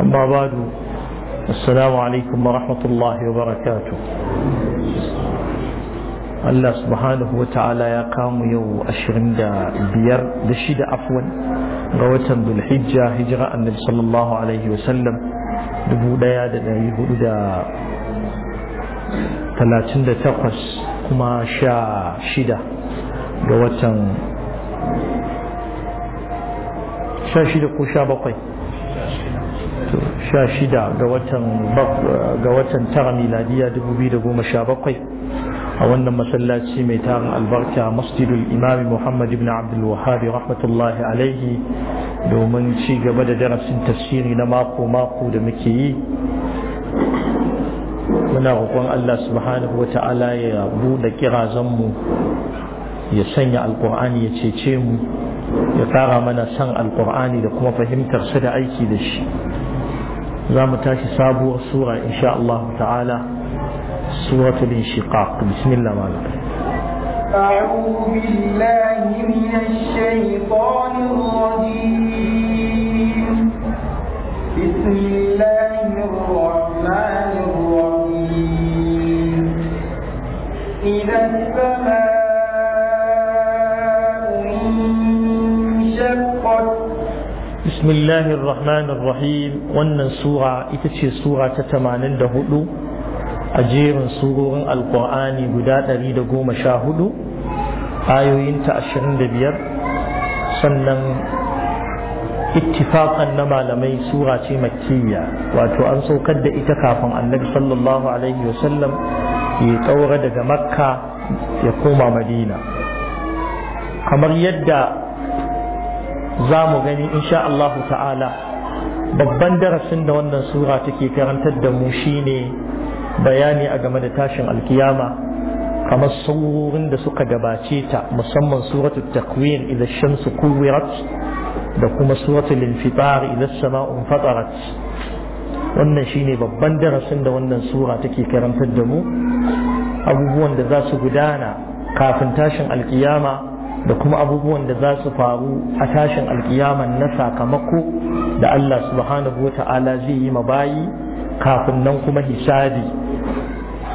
أما بعد السلام عليكم ورحمة الله وبركاته Allah subhanahu wa ta'ala ya kamu yau ashirin da biyar da shida afwan ga watan dulhijja hijira annabi sallallahu alaihi wasallam dubu daya da dari hudu da talatin da takwas kuma sha shida ga watan sha shida ko sha bakwai sha shida ga watan tara miladiya bakwai a wannan masallaci mai tarin albarka masjidul imami muhammad ibn abdul wahabi rahmatullahi alaihi domin ci gaba da darasin tafsiri na mako-mako da muke yi muna roƙon allah subhanahu wa ta'ala ya buɗe kirazanmu ya sanya alƙur'ani ya cece mu ya ƙara mana san alƙur'ani da kuma fahimtar da aiki da shi za mu tashi sabuwar sura insha Allah ta'ala suratul inshiqaq bismillah malam أعوذ بالله من الشيطان الرجيم بسم الله الرحمن الرحيم إذا السماء بسم الله الرحمن الرحيم wannan sura ita ce sura ta 84 a jerin surorin alkur'ani guda 114 ayoyinta 25 sannan ittifaqan na malamai sura ce makkiya wato an saukar da ita kafin annabi sallallahu alaihi wasallam ya kaura daga makka ya koma madina kamar yadda za mu gani insha allahu ta'ala babban darasin da wannan sura take karantar da mu shine bayani a game da tashin alkiyama kamar saurorin da suka gabace ta musamman suratul takwin idza shamsu kuwirat da kuma suratul infitar idza sama'u fatarat wannan shine babban darasin da wannan sura take karantar da mu abubuwan da za su gudana kafin tashin alkiyama da kuma abubuwan da za su faru a tashin alkiyaman na sakamako da Allah subhanahu wa ta'ala zai yi bayi kafin nan kuma hisabi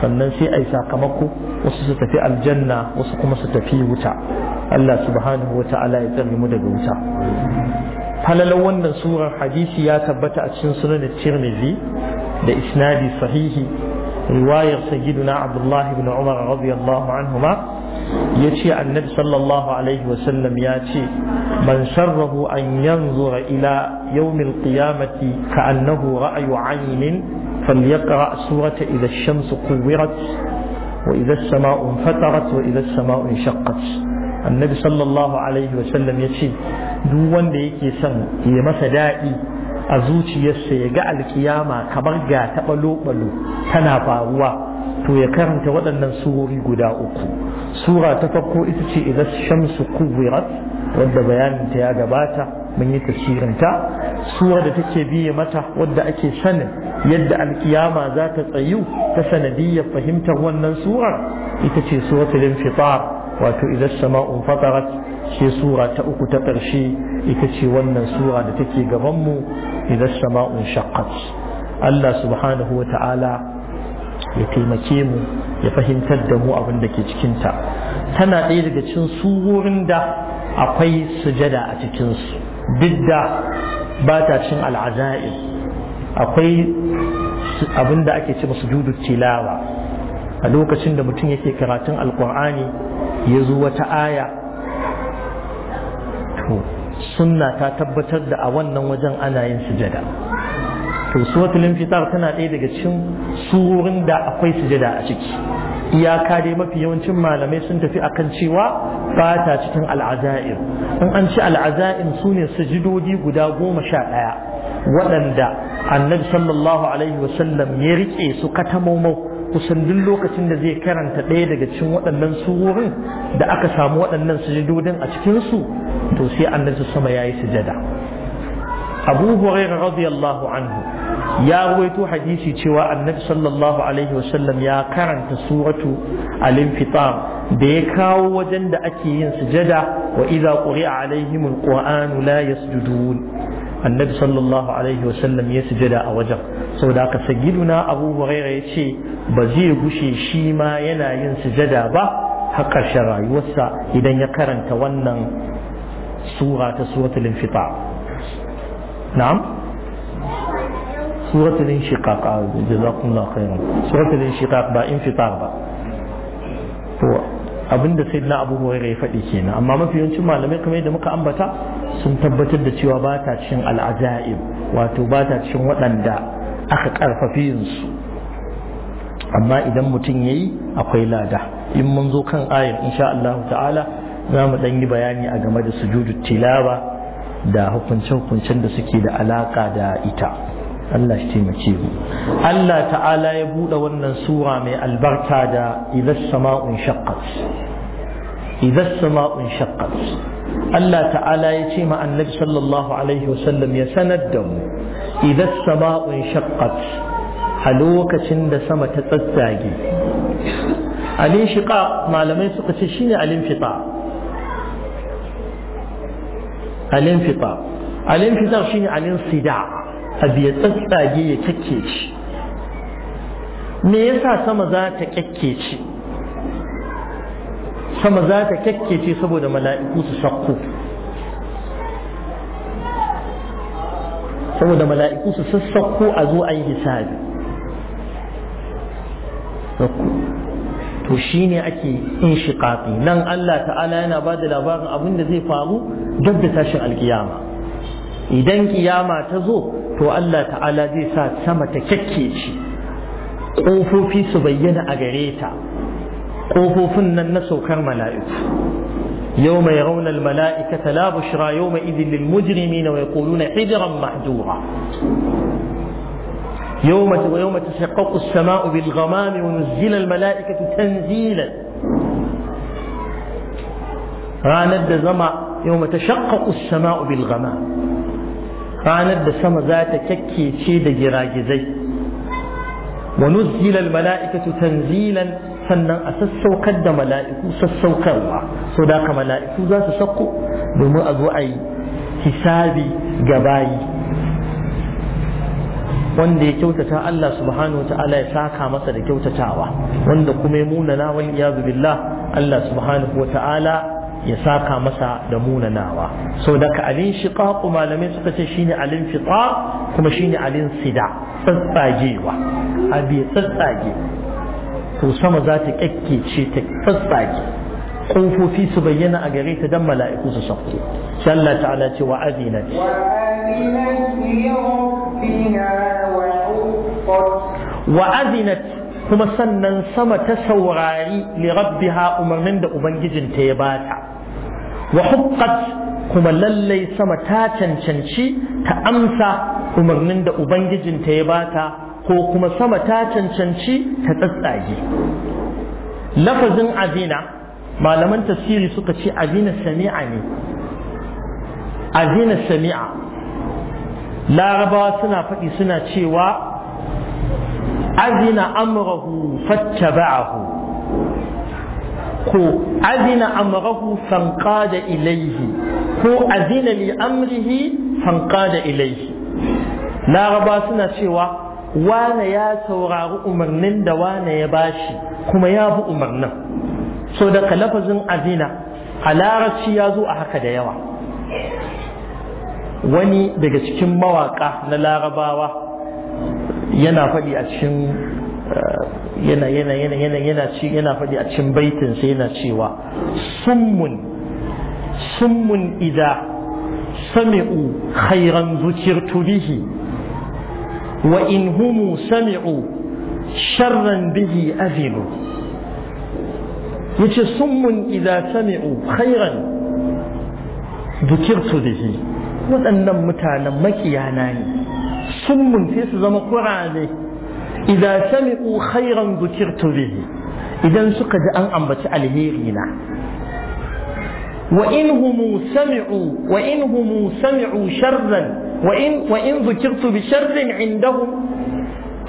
sannan sai a yi sakamako wasu su tafi aljanna wasu kuma su tafi wuta Allah subhanahu wa ta'ala ya tsare mu daga wuta falalar wannan surar hadisi ya tabbata a cikin sunan tirmidhi da isnadi sahihi riwayar sayyiduna Abdullahi ibn umar radiyallahu anhuma ya ce annabi sallallahu alaihi wasallam ya ce man sharrahu an yanzura ila yawmil qiyamati ka annahu ra'ayu aynin falyaqra surata idha ash-shamsu kuwirat wa idha as-sama'u fatarat wa idha as-sama'u shaqqat annabi sallallahu alaihi wasallam ya ce duk wanda yake son ya masa daɗi a zuciyarsa ya ga alkiyama kamar ga taɓalo-ɓalo tana faruwa to ya karanta waɗannan surori guda uku sura ta farko ita ce idan shamsu kuwirat wadda bayaninta ya gabata mun yi tafsirinta sura da take biye mata wadda ake sanin yadda alkiyama za ta tsayu ta sanadiyyar fahimtar wannan surar ita ce suratul infitar wato idan sama'un fatarat ce sura ta uku ta ƙarshe ita ce wannan sura da take gabanmu idan sama'un shaqqat Allah subhanahu wa ta'ala ya taimake mu ya fahimtar da mu abin da ke cikinta tana ɗaya daga cikin wurin da akwai sujada a cikinsu duk da ba ta cin al'aza'i akwai abin da ake ce masu judu tilawa a lokacin da mutum yake karatun alkur'ani ya zo wata aya to sunna ta tabbatar da a wannan wajen ana yin sujada to suratul tana ɗaya daga cikin surorin da akwai sujada a ciki iyaka dai mafi yawancin malamai sun tafi akan cewa ba ta cikin al'aza'ir in an ci al'aza'in su ne sujudodi guda goma sha ɗaya waɗanda annabi sallallahu alaihi wasallam ya riƙe su katamomau kusan duk lokacin da zai karanta ɗaya daga cikin waɗannan surorin da aka samu waɗannan sujudodin a cikinsu to sai annabi sama ya yi sujada abu hurairah radiyallahu anhu ya ruwaito hadisi cewa annabi sallallahu alaihi wasallam ya karanta suratu al-infitar da ya kawo wajen da ake yin sujada wa idza quri'a alaihim al-qur'an la yasjudun annabi sallallahu alaihi wasallam ya sujada a wajen saboda haka sayyiduna abu huraira yace ba zai gushe shi ma yana yin sujada ba har ƙarshen rayuwarsa idan ya karanta wannan sura ta suratul infitar na'am suratul inshiqaq jazakumullahu khairan suratul inshiqaq ba infitar ba to abinda sai na abu hore ya faɗi kenan amma mafi yawancin malamai kamar yadda muka ambata sun tabbatar da cewa ba ta cikin al'ajaib wato ba ta cikin waɗanda aka ƙarfafi yinsu amma idan mutum ya yi akwai lada in mun zo kan ayar insha Allah ta'ala za mu ɗan yi bayani a game da sujudu tilawa da hukunce-hukuncen da suke da alaƙa da ita Allah shi taimake mu Allah ta'ala ya buɗe wannan sura mai albarka da idan sama'un idan sama'un Allah ta'ala ya ce ma annabi sallallahu alaihi wasallam ya sanar da mu idan sama'un shaqqat a lokacin da sama ta tsatsage alin malamai suka ce shine alin fita alin fita alin fita shine alin sida' abu ya tsatsage ya shi me yasa sama za ta shi sama za ta shi saboda mala'iku su sakko saboda mala'iku su sassakko a zo a yi hisabi to shi ne ake in shiƙaƙi nan Allah ta'ala yana ba da labarin abin da zai faru duk da tashin alkiyama idan kiyama ta zo to Allah ta'ala zai sa sama ta kyakkece ƙofofi su bayyana a gare ta ƙofofin nan na saukar mala'iku يوم يرون الملائكة لا بشرى يومئذ للمجرمين ويقولون حجرا محجورا يوم ويوم تشقق السماء بالغمام ونزل الملائكة تنزيلا راند زما يوم تشقق السماء بالغمام ranar da sama za ta kyakkece da giragizai wa nuzzila al mala'ikatu tanzilan sannan a sassaukar da mala'iku sassaukarwa so da mala'iku za su sauko domin a zo a yi hisabi ga bayi wanda ya kyautata Allah subhanahu wa ta'ala ya saka masa da kyautatawa wanda kuma ya muna na wal billah Allah subhanahu wa ta'ala ya saka masa da munanawa so daga alin shiqaqu malamai suka ce shine alin fita kuma shine alin sida tsatsagewa abi tsatsage to sama za ta ce ta tsatsage kofofi su bayyana a gare ta dan mala'iku su sauko sai Allah ta'ala ce wa azinat wa azinat kuma sannan sama ta saurari li ha umarnin da ubangijinta ya bata wa huqqat kuma lallai sama ta cancanci ta amsa umarnin da ubangijinta ya bata ko kuma sama ta cancanci ta tsatsage lafazin azina malaman tasiri suka ce azina sami'a ne azina sami'a larabawa suna faɗi suna cewa azina amrahu fattaba'ahu ko azina amrahu da ilaihi, ko azina li amrihi da ilaihi. laraba suna cewa wane ya saurari umarnin da wane ya bashi kuma ya bi umarnin so daga lafazin azina a larabci ya zo a haka da yawa wani daga cikin mawaƙa na larabawa yana faɗi a cikin eh, yana yana yana yana yana ci yana faɗi a cikin baitin sai yana cewa summun summun idza sami'u khairan zukirtu bihi wa in humu sami'u sharran bihi azilu yace summun idza sami'u khairan zukirtu bihi waɗannan mutanen makiyana ne سم في زمن القرآن إذا سمعوا خيرا ذكرت به إذا سقد أن أنبت الهيرينا وإن هم سمعوا وإن هم سمعوا شرا وإن وإن ذكرت بشر عندهم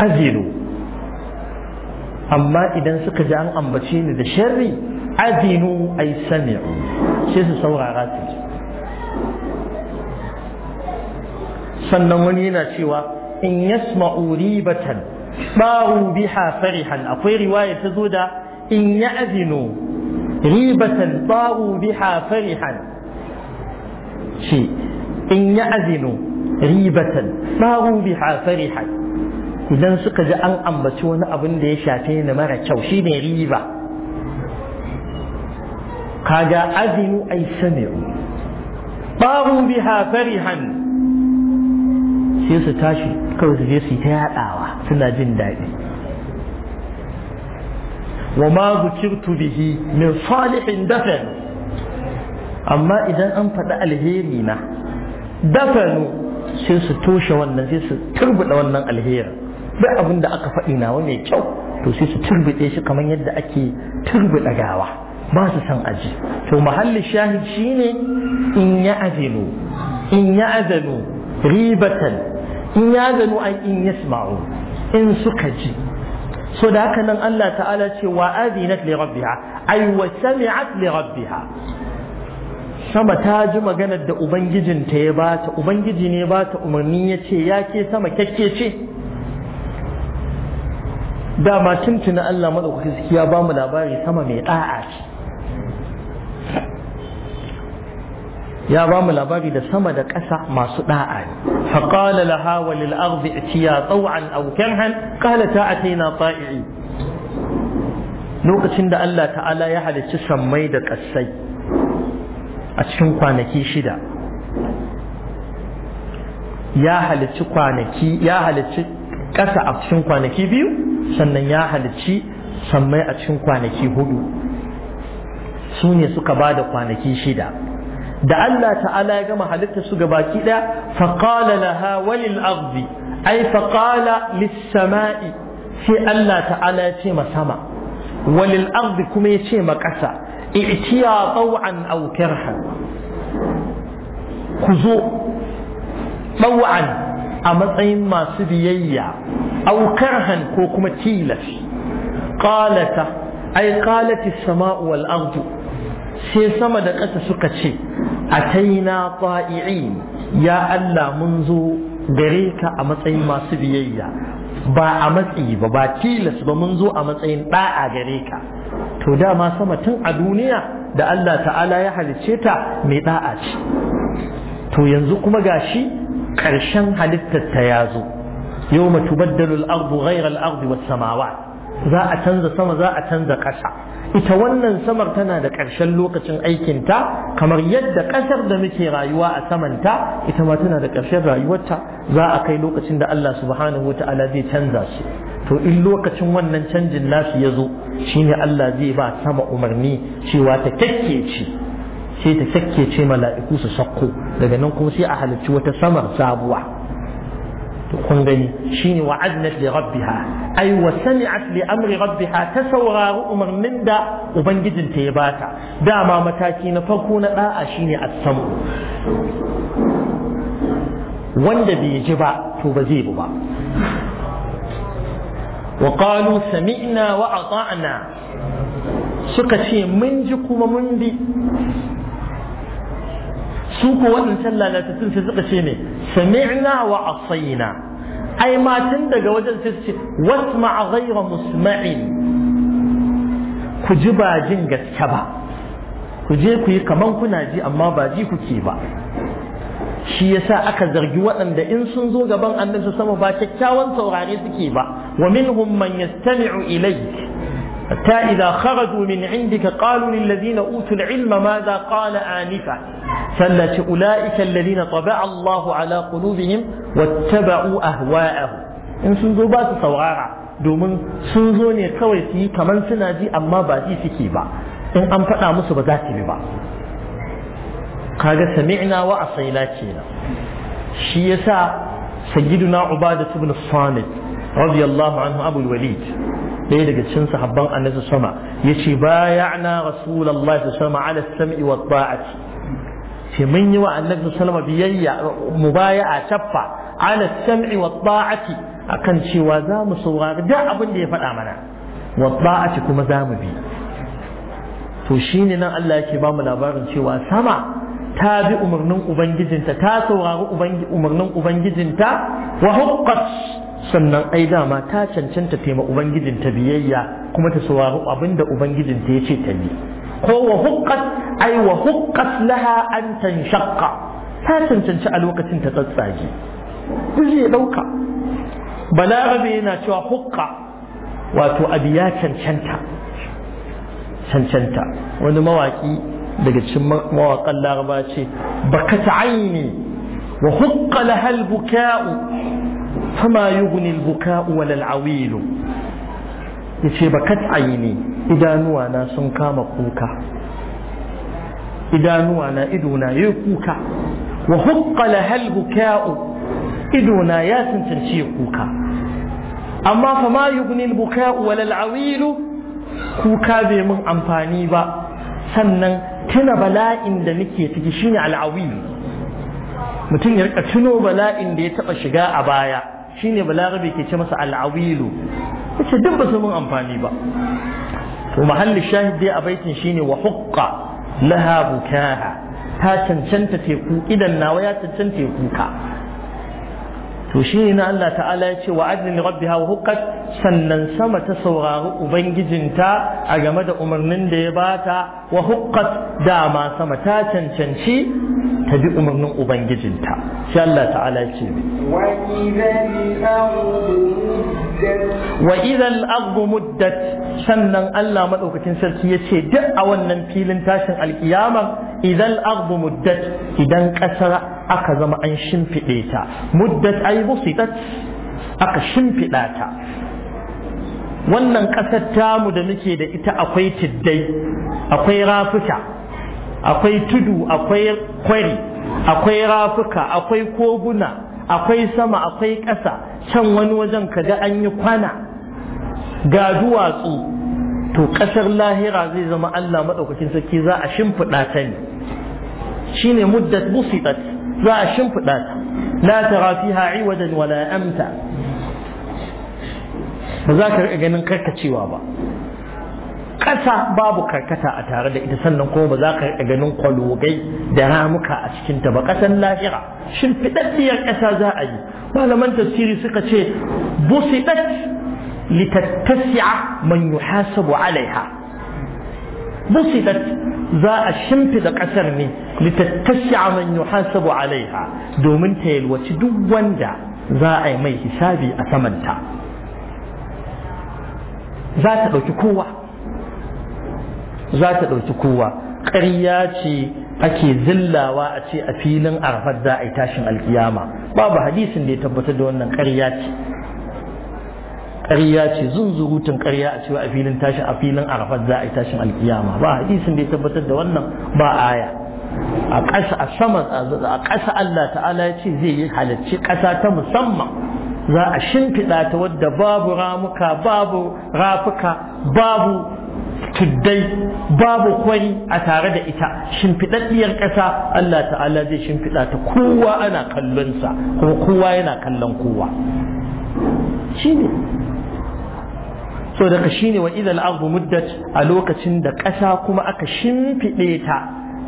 أزلوا أما إذا سقد أن أنبتين بشر أذنوا أي سمعوا شيء سوغا غاتل sannan wani yana cewa in yasma'u ribatan ba'u biha farihan akwai riwaya ta zo da in ya'zinu ribatan ba'u biha farihan shi in ya'zinu ribatan ba'u biha farihan idan suka ji an ambaci wani abin da ya shafe ni mara kyau shi ne riba kaga azinu ai sami'u ba'u biha farihan sai su tashi kawai su je su yi ta yaɗawa suna jin daɗi wa ma zukirtu bihi min salihin dafanu amma idan an faɗi alheri na dafanu sai su toshe wannan sai su turbuɗa wannan alherin duk abin da aka faɗi nawa mai kyau to sai su turbuɗe shi kamar yadda ake turbuɗa gawa ba su san aji to mahalli shahid shine in ya azinu in ya azinu ribatan in ya zanu an in yasma'u in suka ji so da haka nan Allah ta'ala ce wa adinat li rabbiha ay wa sami'at li rabbiha sama ta ji maganar da ta ya bata ubangiji ne ba ta umarni ya ce ya ke sama kyakke ce dama tuntuna Allah maɗaukaki gaskiya ba mu labari sama mai ɗa'a ce ya ba mu labari da sama da ƙasa masu ɗa'a da'a faqala laha wa lil ardi atiya taw'an aw karhan qala ta ataina ta'i'i lokacin da Allah ta'ala ya halicci sammai da ƙasai a cikin kwanaki shida ya halicci kwanaki ya halicci ƙasa a cikin kwanaki biyu sannan ya halicci sammai a cikin kwanaki hudu su ne suka ba da kwanaki shida da Allah ta'ala ya gama halitta su baki ɗaya faƙala ha walil ardi ai faƙala lissama'i sai Allah ta'ala ya ce ma sama walil ardi kuma ya ce ma ƙasa i'tiya taw'an aw ku zo taw'an a matsayin masu biyayya aw ko kuma tilas qalata ai qalati as-sama'u wal ardu sai sama da ƙasa suka ce ataina ta'i'in ya Allah mun zo gare ka a matsayin masu biyayya ba a matsi ba ba tilas ba mun zo a matsayin da'a gare ka to dama sama tun a duniya da Allah ta'ala ya halicce ta mai da'a ce to yanzu kuma gashi ƙarshen halittar ta ya zo yau matubaddalu al-ardu ghayra al-ardi was samawat za a canza sama za a canza ƙasa ita wannan samar tana da ƙarshen lokacin aikinta kamar yadda ƙasar da muke rayuwa a samanta ita ma tana da ƙarshen rayuwarta za a kai lokacin da Allah subhanahu wa ta'ala zai canza su to in lokacin wannan canjin nasu ya zo shine Allah zai ba sama umarni cewa ta kyakkece sai ta kyakkece mala'iku su sakko daga nan kuma sai a halarci wata samar sabuwa to kun gani shine rabbiha ay wa sami'at li amri rabbiha ta saurari umarnin da ubangijin ta ya bata dama mataki na farko na da'a shine as-sam wanda bai ji ba to ba zai bu ba sami'na wa ata'na suka ce mun ji kuma mun bi su ko waɗancan lalatattun sai suka ce ne sami'na wa asaina ai ma tun daga wajen sai su ce wasma ghayra musma'in ku ji ba jin gaske ba ku je ku yi kaman kuna ji amma ba ji kuke ba shi yasa aka zargi waɗanda in sun zo gaban annabi sama ba kyakkyawan saurare suke ba wa minhum man yastami'u ilayk حتى إذا خرجوا من عندك قالوا للذين أوتوا العلم ماذا قال آنفا فلت أولئك الذين طبع الله على قلوبهم واتبعوا أهواءهم إن سنزوبات صورارا domin sun zo ne kawai su yi kamar suna ji amma ba ji suke ba in an faɗa musu ba za su yi ba kaga sami'na wa asaina kenan shi yasa sayyiduna ubada ibn samit radiyallahu anhu abul walid ɗaya daga cikin sahabban annabi sama yace bayana rasulullahi sama ala sam'i wa ta'ati ce mun yi wa annabi sallama biyayya mubaya'a chaffa ala sam'i wa ta'ati akan cewa za mu saurari duk abin da ya faɗa mana wa ta'ati kuma za mu bi to shine nan Allah yake ba mu labarin cewa sama ta bi umarnin ubangijinta ta saurari umarnin ubangijinta wa huqqat sannan ai dama ta cancanta taima ta biyayya kuma ta abin abinda ubangijin ya ce ta yi ko wa huqqat ai wa huqqat laha an tanshaqqa ta cancanci a lokacin ta tsatsage kuji ya dauka balarabe yana cewa hukka wato abi ya cancanta cancanta wani mawaki daga cikin mawakan laraba ce baka aini wa hukka lahal buka'u fama yughni al-buka'u wal yace bakat aini idanuwa na sun kama kuka idanuwa na ido na yayi kuka wa huqqa lahal al-buka'u ido na ya tantance kuka amma fama yughni al-buka'u wal awilu kuka bai mun amfani ba sannan tuna bala'in da nake ciki shine al-awilu mutum ya rika tuno bala'in da ya taba shiga a baya shine balarabe ke ce masa al'awilu yace duk ba su mun amfani ba to mahalli shahid dai a baitin shine wa huqqa laha bukaha ta cancanta teku idan nawa ya cancanta kuka to shi ne Allah ta'ala ya ce wa adnin rabbiha hawa huqqat sannan sama ta saurari ubangijinta a game da umarnin da ya bata wa huqqat dama sama ta cancanci ta bi umarnin ubangijinta shi Allah ta'ala ya ce wa idan al muddat sannan Allah madaukakin sarki ya ce duk a wannan filin tashin alkiyama idan al muddat idan ƙasar aka zama an shimfiɗe ta muddat ai busitat aka shimfiɗa ta wannan ƙasar tamu da muke da ita akwai tiddai akwai rafuka akwai tudu akwai kwari akwai rafuka akwai koguna akwai sama akwai ƙasa can wani wajen kaga an yi kwana ga duwatsu to ƙasar lahira zai zama Allah maɗaukakin sarki za a shimfiɗa ta ne shine muddat busitat za a shimfiɗa ta la tara fiha wajen wala amta ba za ka riƙa ganin karkacewa ba ƙasa babu karkata a tare da ita sannan kuma ba za ka riƙa ganin kwalogai da ramuka a cikinta ba ƙasan lahira shimfiɗaɗɗiyar ƙasa za a yi malaman tafsiri suka ce busidat litattasi'a man yuhasabu alaiha busidat za a shimfida ƙasar ne litattashi man yuhasabu alaiha domin ta yalwaci duk wanda za a yi mai hisabi a samanta za ta ɗauki kowa za ta ɗauki kowa ƙarya ce ake zillawa a ce a filin arafat za a yi tashin alkiyama babu hadisin da ya tabbatar da wannan ƙarya ce ƙarya ce zunzurutun ƙarya a cewa a filin tashin a filin arafat za a yi tashin alkiyama ba hadisin da ya tabbatar da wannan ba aya a ƙasa a sama a ƙasa Allah ta'ala ya ce zai yi halarci ƙasa ta musamman za a shimfiɗa ta wadda babu ramuka babu rafuka babu tuddai babu kwari a tare da ita shimfiɗaɗɗiyar ƙasa Allah ta'ala zai shimfiɗa ta kowa ana kallonsa kuma kowa yana kallon kowa ne. so daga ne wa idal ardu muddat a lokacin da ƙasa kuma aka shimfiɗe ta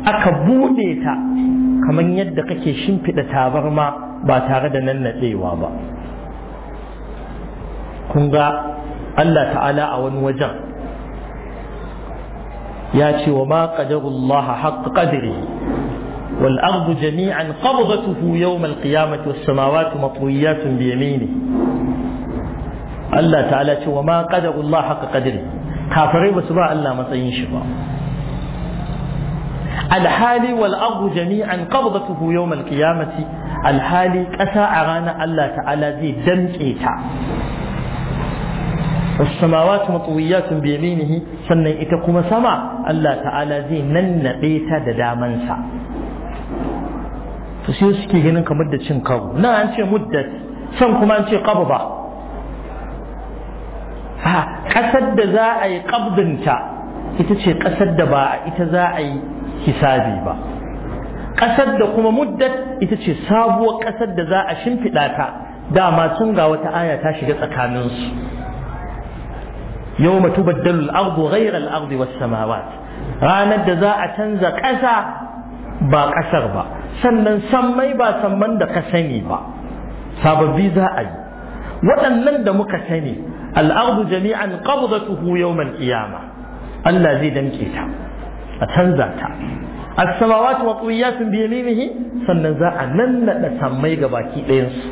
aka buɗe ta kamar yadda kake shimfiɗa tabarma ba tare da nan natsewa ba kun ga Allah ta'ala a wani wajen ya ce wa ma qadarullaha haqqa qadrihi والأرض جميعا قبضته يوم samawatu والسماوات مطويات بيمينه Allah ta'ala ce wa ma qadarullah haka qadri kafirai basu ba Allah matsayin shi ba alhali wal ardu jami'an qabdatuhu yawm al qiyamati alhali kasa a ranar Allah ta'ala zai damke ta السماوات مطويات بيمينه سنة إتقوم سما الله تعالى زي ننبيت دامنسا فسيوسكي هنا كمدة شنكو نا أنت مدة شنكو ما أنت قبضة ƙasar da za a yi ƙabdinta ita ce ƙasar da ba ita za a yi hisabi ba ƙasar da kuma muddat ita ce sabuwar ƙasar da za a shimfiɗa ta dama sun ga wata aya ta shiga tsakaninsu yau matu baddalul ardu ghairal ardi was samawat ranar da za a canza ƙasa ba ƙasar ba sannan sammai ba samman da ka sani ba sababbi za a yi waɗannan da muka sani Al'adu jami'an qabdatuhu yawmal ƙiyama. Allah zai danke ta a canza ta ta samawati sun biya yaminihi sannan za a naɗa sammai ga baki ɗayansu.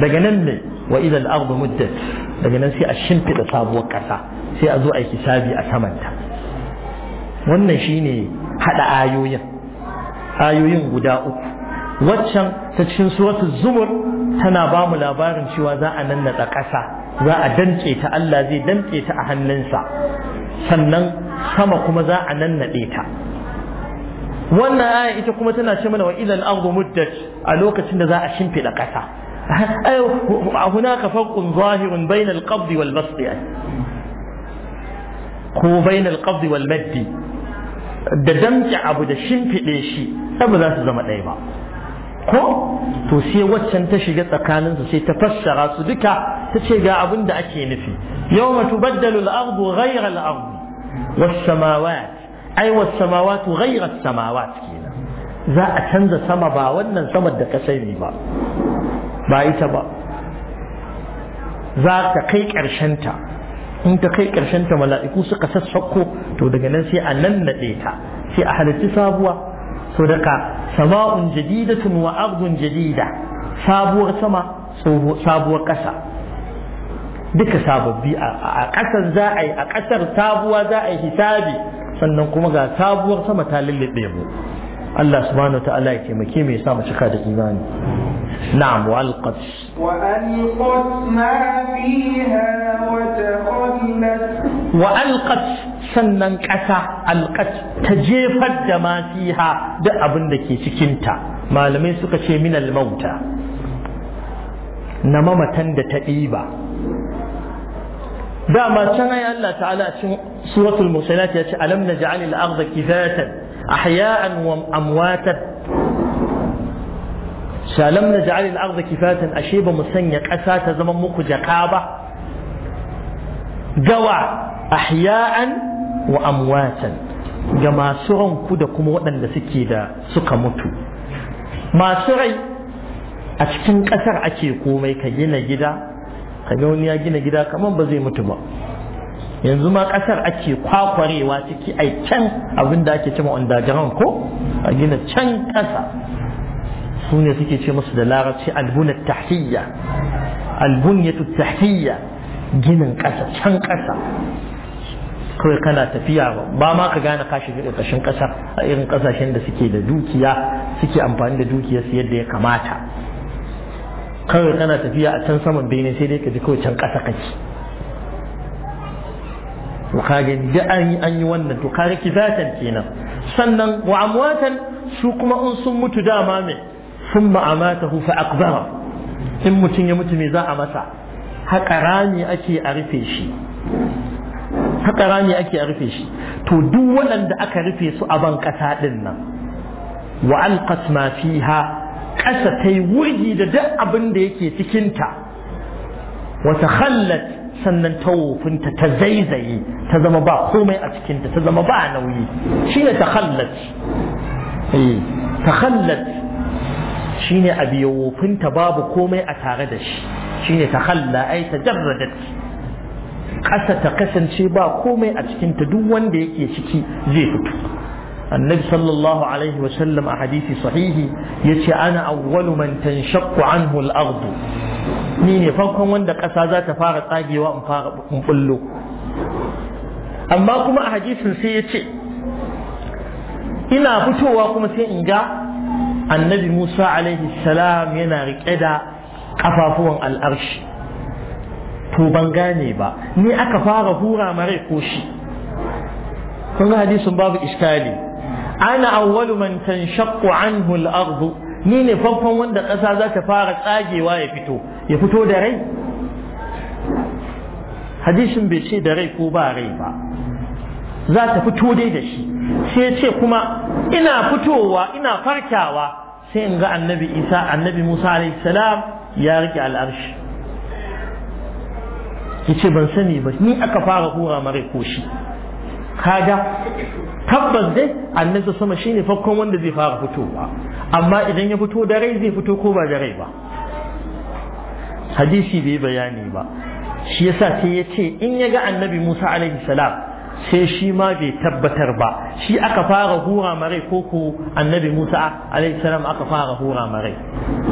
daga nan ne wa idza al muddat daga nan sai a shimfida sabuwar ƙasa sai a zo a yi a samanta wannan shine haɗa ayoyin ayoyin guda uku waccan ta cikin suratul zumur tana ba mu labarin cewa za a nannaɗa ƙasa za a ta Allah zai dantse ta a hannunsa sannan sama kuma za a nannaɗe ta wannan aya ita kuma tana ce mana wa ilal ardu muddat a lokacin da za a shimfiɗa ƙasa a hunaka farqun zahirun bainal qabdi wal basti ko bainal qabdi wal maddi da damƙe abu da shimfiɗe shi ba za su zama ɗaya ba ko to sai waccan ta shiga tsakaninsu sai ta fassara su duka ta ce ga abin da ake nufi yau matu baddalu al'ardu ghayra al'ardu was-samawat ai was-samawat ghayra as-samawat kenan za a canza sama ba wannan samar da ka sani ba ba ita ba za ta kai ƙarshen ta in ta kai ƙarshen ta mala'iku suka sassako to daga nan sai a nan nade ta sai a halitta sabuwa so daga sama'un jadidatun wa ardun jadida sabuwar sama sabuwar ƙasa duka sababbi a ƙasar za a yi a ƙasar sabuwa za a yi hisabi sannan kuma ga sabuwar sama ta lullube mu Allah subhanahu wa ta'ala ya taimake mai sa mu cika da imani na'am wa alqat wa alqat ma fiha wa tawallat wa alqat sannan ƙasa alƙat ta jefar da mafiha da abin da ke cikinta malamai suka ce min almauta na mamatan da ta ɗiba dama can ai Allah ta'ala a cikin suratul mursalat ya ce alam naj'al al-ardha kifatan ahya'an wa amwatan salam na ja'alil arda kifatan ashe ba mu sanya ƙasa ta zama muku jaka ba gawa ahya'an wa amwatan ga masu ranku da kuma waɗanda suke da suka mutu masu rai a cikin ƙasar ake komai ka gina gida ka ga wani ya gina gida kamar ba zai mutu ba yanzu ma ƙasar ake kwakwarewa ciki a can abin da ake cewa jiran ko a gina can ƙasa su ne suke ce musu da larabci albunat tahiyya albunyatu tahiyya ginin ƙasa can ƙasa kawai kana tafiya ba ba ma ka gane ka shiga ƙarƙashin ƙasa a irin ƙasashen da suke da dukiya suke amfani da dukiyar su yadda ya kamata kawai kana tafiya a can saman bene sai dai ka ji kawai can ƙasa kake ga da an yi an yi wannan to kaga kizatan kenan sannan wa amwatan su kuma in sun mutu dama me sun ma'amatahu fa akbara in mutum ya mutu me za a masa haƙa rami ake a rufe shi haka ne ake a rufe shi to duk waɗanda aka rufe su a ban ƙasa ɗin nan wa alqat ma fiha ƙasa ta yi wurgi da duk abin da yake cikinta wata hallat sannan ta wofinta ta zaizaye ta zama ba komai a cikinta ta zama ba nauyi shi ne ta eh, hallat shi ne abu babu komai a tare da shi shi ne ta ai ta ƙasa ta kasance ba komai a cikinta duk wanda yake ciki zai fito annabi sallallahu alaihi wa sallam a hadisi sahihi yace ana awwalu man tanshaqqu anhu al-ardu ni ne farkon wanda ƙasa za ta fara tsagewa in fara in bullo amma kuma a hadisin sai yace ina fitowa kuma sai in ga annabi Musa alaihi salam yana riƙe da kafafuwan al'arshi to ban gane ba ni aka fara hura mare ko shi kun ga hadisin babu iskali ana awwalu man tanshaqqu anhu al ard ni ne farkon wanda ƙasa za ta fara tsagewa ya fito ya fito da rai hadisin bai ce da rai ko ba rai ba za ta fito dai da shi sai ce kuma ina fitowa ina farkawa sai in ga annabi isa annabi musa alaihi salam ya rike al'arshi yace ban sani ba ni aka fara hura mare koshi kaga tabbas dai annabi sama shine farkon wanda zai fara fito fitowa amma idan ya fito da zai fito ko ba da rai ba hadisi bai bayani ba shi yasa sai ya ce in ya ga annabi Musa alaihi salam sai shi ma bai tabbatar ba shi aka fara hura marai ko ko annabi Musa alaihi salam aka fara hura marai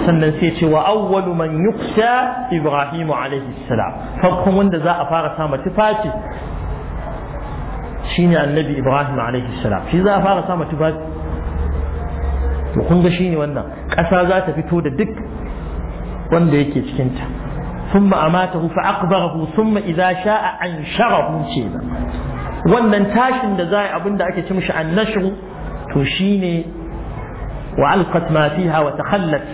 sannan sai ce wa awwalu man yuksa Ibrahim alaihi salam farkon wanda za a fara sama tufafi shine annabi Ibrahim alaihi salam shi za a fara sama tufafi to kun ga shine wannan ƙasa za ta fito da duk wanda yake cikin ta ثم أماته فأقبره ثم إذا شاء أنشره شيئا wannan tashin da za a abin da ake ci mishi nashin to ne wa alqat ma wa ta takhallat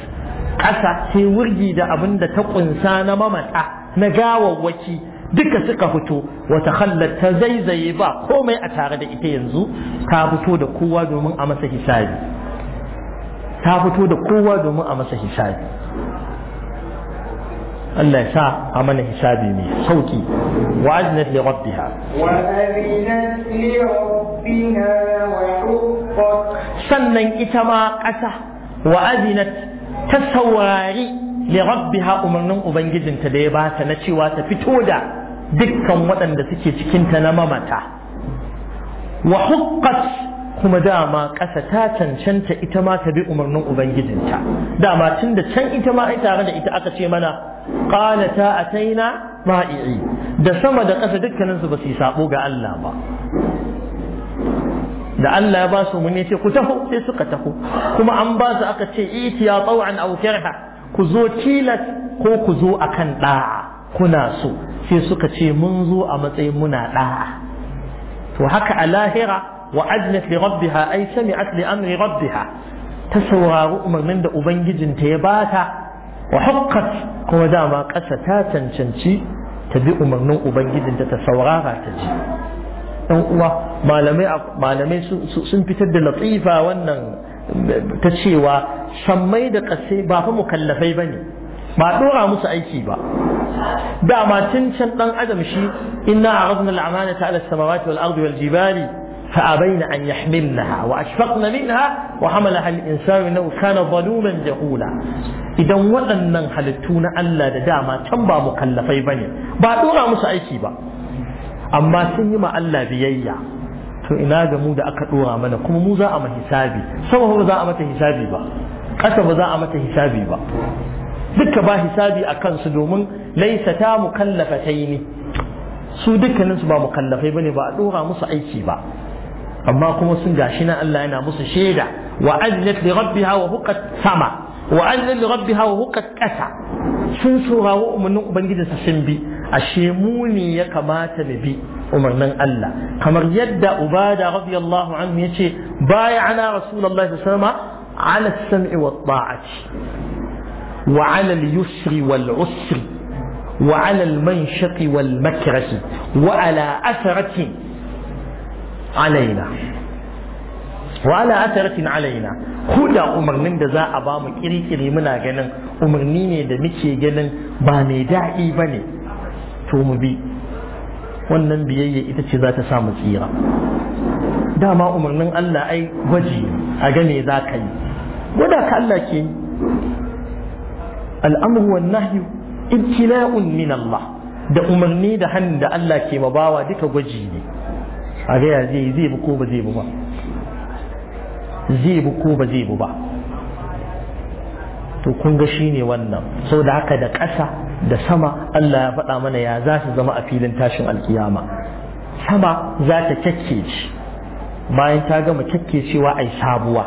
ƙasa sai wurgi da abin da ta ƙunsa na mamata na gawawwaki duka suka fito wa takhallat ta zaizaye ba komai a tare da ita yanzu ta fito da kowa domin a masa hisabi ta fito da kowa domin a masa hisabi Allah sa a mana hisabi mai sauki wa aznat li rabbiha wa azinat li rabbiha sannan ita ma ƙasa wa ta saurari li rabbiha umarnin ubangijinta da ya bata na cewa ta fito da dukkan waɗanda suke cikinta na mamata wa huqqat kuma dama ƙasa ta cancanta ita ma ta bi umarnin Ubangijinta dama tun da can ita ma ai tare da ita aka ce mana qalata ataina baii da sama da ƙasa dukkanin su ba su sabo ga Allah ba da Allah ya ba su mun yace ku taho sai suka taho kuma an ba su aka ce itiya taw'an aw karha ku zo tilat ko ku zo akan da'a kuna so sai suka ce mun zo a matsayin muna da'a to haka a lahira wa adnat li rabbiha ay sami'at li amri rabbiha ta saurari umarnin da ubangijinta ya bata wa kuma dama ƙasa ta cancanci ta bi umarnin ubangijinta ta saurara ta ci ɗan uwa malamai sun fitar da latifa wannan ta cewa sammai da ƙasai ba fa mukallafai ba ne ba ɗora musu aiki ba dama tun can ɗan adam shi inna a razna al'amana ta ala samawati wal ardi wal jibali فأبين أن يحملنها وأشفقن منها وحملها الإنسان إنه كان ظلوما جهولا إذا وأن خلتون ألا دداما تنبا مكلفي بني بعدونا مسعيكي با أما سيما Allah بيئيا to ina ga mu da aka dora mana kuma mu za a mata hisabi sama ba za a mata hisabi ba ƙasa za a mata hisabi ba duka ba hisabi a kansu domin laisata ta mukallafatai ni. su dukkaninsu ba mukallafai bane ba a dora musu aiki ba amma kuma sun gashi na Allah yana musu shaida wa azlat li rabbiha wa huqat sama wa azlat li rabbiha wa huqat qasa sun surawo umarnin ubangijinsa sun bi ashe mu ne ya kamata mu bi umarnin Allah kamar yadda ubada radiyallahu anhu yace baya ana rasulullahi sallallahu alaihi wasallam ala sam'i wa ta'ati wa ala al-yusri wal usri wal المنشط والمكره وعلى أثرة alaina wala asaratin alaina ku umarnin da za a ba mu muna ganin umarni ne da muke ganin ba mai daɗi ba ne to mu bi wannan biyayya ita ce za ta sa mu tsira dama umarnin Allah ai gwaji a gane za ka yi gwada ka Allah ke al'amru wan nahyu ibtila'un min Allah da umarni da hannu da Allah ke mabawa duka gwaji ne a gaya ya zai zai ko ba zai ba zai ko ba zai ba to kun ga shine wannan sau da haka da ƙasa da sama Allah ya faɗa mana ya za su zama a filin tashin alkiyama sama za ta kyakkece bayan ta gama kyakkecewa ai sabuwa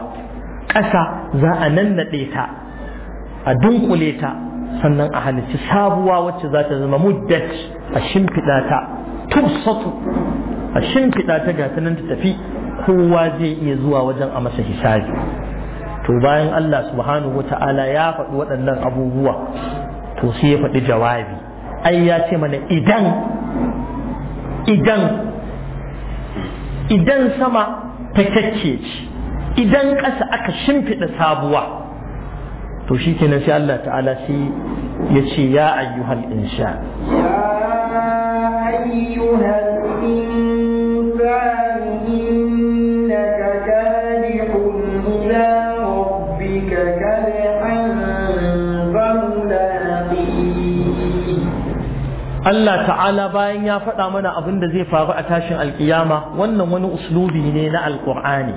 ƙasa za a nannaɗe ta a dunkule ta sannan a halici sabuwa wacce za ta zama muddat a shimfiɗa ta tubsatu a shimfiɗa ta gata nan ta tafi kowa zai iya zuwa wajen a masa hisabi to bayan Allah subhanahu wa ta'ala ya faɗi waɗannan abubuwa to sai ya faɗi jawabi ai ya ce mana idan idan idan sama ta kyakke idan ƙasa aka shimfiɗa sabuwa to shi kenan sai Allah ta'ala sai ya ce ya ayyuhal insha ya ayyuhal insha Allah ta'ala bayan ya faɗa mana abin da zai faru a tashin alkiyama wannan wani uslubi ne na Alƙur'ani.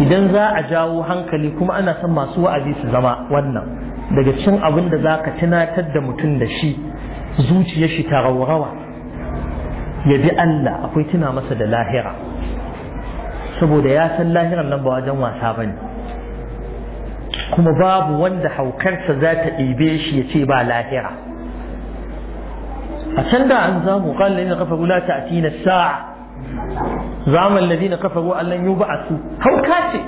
idan za a jawo hankali kuma ana son masu wa'azi su zama wannan daga cin abin da za ka tunatar da mutum da shi zuciyar shi ta raurawa ya bi Allah akwai tuna masa da lahira saboda ya san lahiran nan ba wajen wasa bane kuma babu wanda haukarsa za ta ɗibe shi ya ce ba lahira a can da an zamu kan lalina kafa gula ta ati na sa'a zaman lalina kafa ruwa allon yi ba'asu hauka ce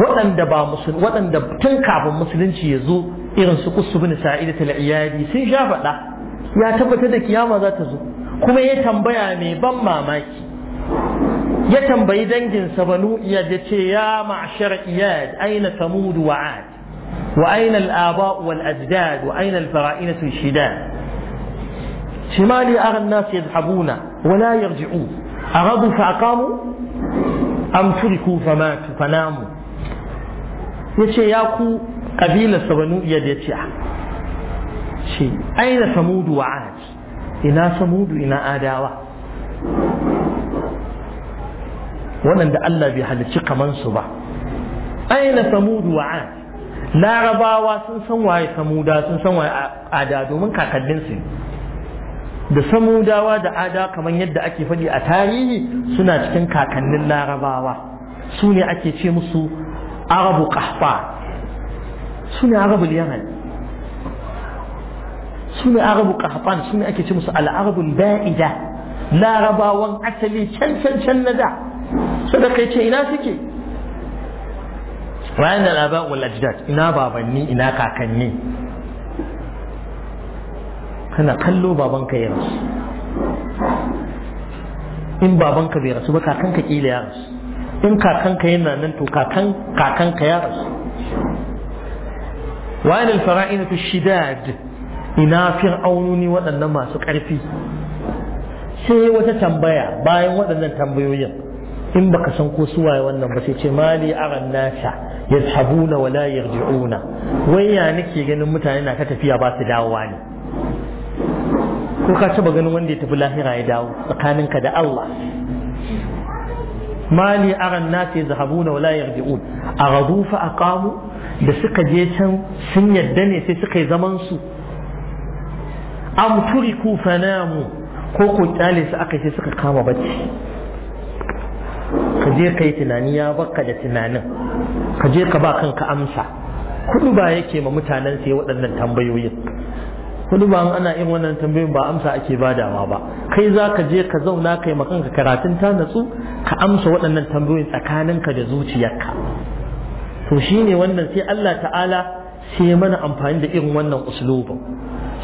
waɗanda ba musulun waɗanda tun kafin musulunci ya zo irin su kusu bin sa'ida tal'iyadi sun sha faɗa ya tabbatar da kiyama za ta zo kuma ya tambaya mai ban mamaki ya tambayi danginsa banu iyad ya ce ya ma'ashar iyad aina samudu wa ad wa aina al'aba wal ajdad wa aina al-fara'inatu shidad shimali aran an-nas yadhhabuna wa la yarji'un aradu fa aqamu am turiku fa matu fa namu yace ya ku kabilar sabanu banu iyad ya ce ce aina samudu wa ad ina samudu ina adawa waɗanda Allah bai halicci kaman su ba aina samudu wa ad larabawa sun san waye samuda sun san waye ada domin kakanninsu da samudawa da ada kaman yadda ake faɗi a tarihi suna cikin kakannin larabawa su ne ake ce musu arabu kahfa su ne arabul su ne arabu kahfan su ne ake ce musu al'arabul ba'ida larabawan asali can can can na da kai ce ina suke bayan da labar wal ajdad ina babanni ina kakanni kana kallo babanka ya rasu in babanka bai rasu ba kakanka kila ya rasu in kakanka yana nan to kakan kakan ka ya rasu wa'an al-fara'inatu shidad ina fir'aunoni waɗannan masu ƙarfi sai wata tambaya bayan waɗannan tambayoyin in baka san ko su waye wannan ba sai ce mali aran nasa yadhhabuna wa la yarji'una wai ya nake ganin mutane na ta tafiya ba su dawowa ne ko ka taba ganin wanda ya tafi lahira ya dawo tsakanin ka da Allah mali aran nasa yadhhabuna wa la yarji'un fa aqamu da suka je can sun yadda ne sai suka yi zaman su am turiku fanamu ko ku kyale su aka ce suka kama bacci ka je kai tunani ya baka da tunanin ka je ka ba kanka amsa kudu ba yake ma mutanen sai waɗannan tambayoyin kudu ba ana yin wannan tambayoyin ba amsa ake badawa ba kai za ka je ka zauna kai ma kanka karatun ta natsu ka amsa waɗannan tambayoyin tsakaninka da zuciyarka to shine wannan sai Allah ta'ala sai mana amfani da irin wannan uslubin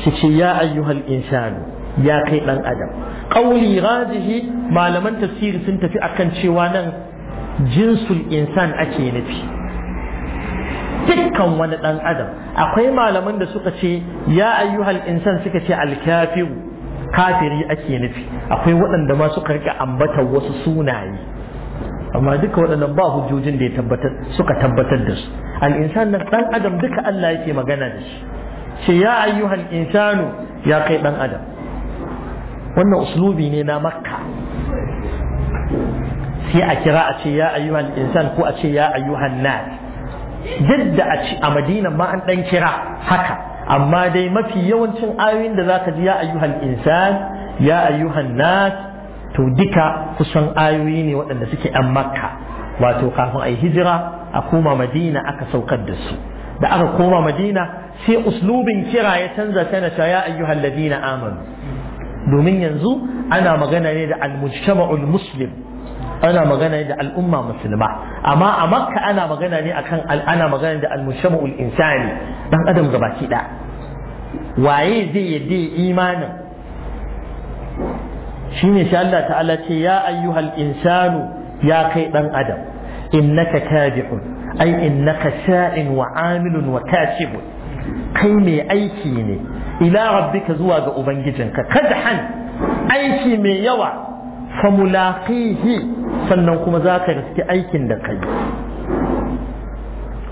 Su ce ya ayyuhal insanu ya kai ɗan adam qawli rajihi malaman tafsiri sun tafi akan cewa nan jinsul insan ake nufi dukkan wani ɗan adam akwai malaman da suka ce ya ayyuhal insan suka ce alkafiru kafiri ake nufi akwai waɗanda ma suka rika ambatar wasu sunaye amma duka waɗannan ba hujjojin da ya tabbatar suka tabbatar da su al'insan nan ɗan adam duka Allah yake magana da shi ce ya ayyuhan insanu ya kai dan adam wannan uslubi ne na makka sai a kira a ce ya ayyuhan insan ko a ce ya ayyuhan nas yadda a ce a madina ma an dan kira haka amma dai mafi yawancin ayoyin da zaka ji ya ayyuhan insan ya ayyuhan nas to duka kusan ayoyi ne waɗanda suke ɗan makka wato kafin a yi hijira a koma madina aka saukar da su da aka koma madina sai uslubin kira ya canza tana ta ya ayyuhal ladina amanu domin yanzu ana magana ne da al muslim ana magana ne da al'umma musulma amma a makka ana magana ne akan ana magana da al-mujtama'ul insani dan adam gabaki da waye zai yadda imanin shine sai Allah ta'ala ce ya ayyuhal insanu ya kai dan adam innaka kadihun ay innaka sha'in wa amilun wa kashibun kai mai aiki ne ila rabbika zuwa ga ubangijinka kadhan aiki mai yawa fa mulaqihi sannan kuma zaka riski aikin da kai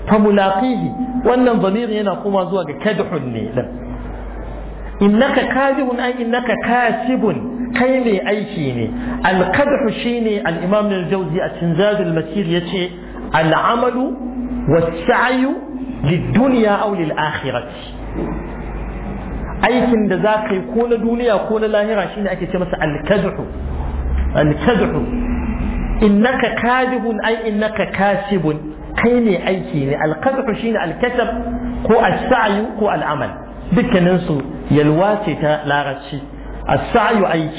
fa mulaqihi wannan zamirin yana kuma zuwa ga kadhun ne din innaka kadhun ai innaka kasibun kai mai aiki ne al kadhu shine al imam al jawzi a cikin zadul masir yace al amalu والسعي للدنيا أو للآخرة أي كن ذاك يكون دنيا يكون الله راشين أكيد كما الكدح الكدح إنك كاذب أي إنك كاسب كيني أي كيني القدح شين الكسب هو السعي هو العمل بك ننسو يلواتي لا السعي أي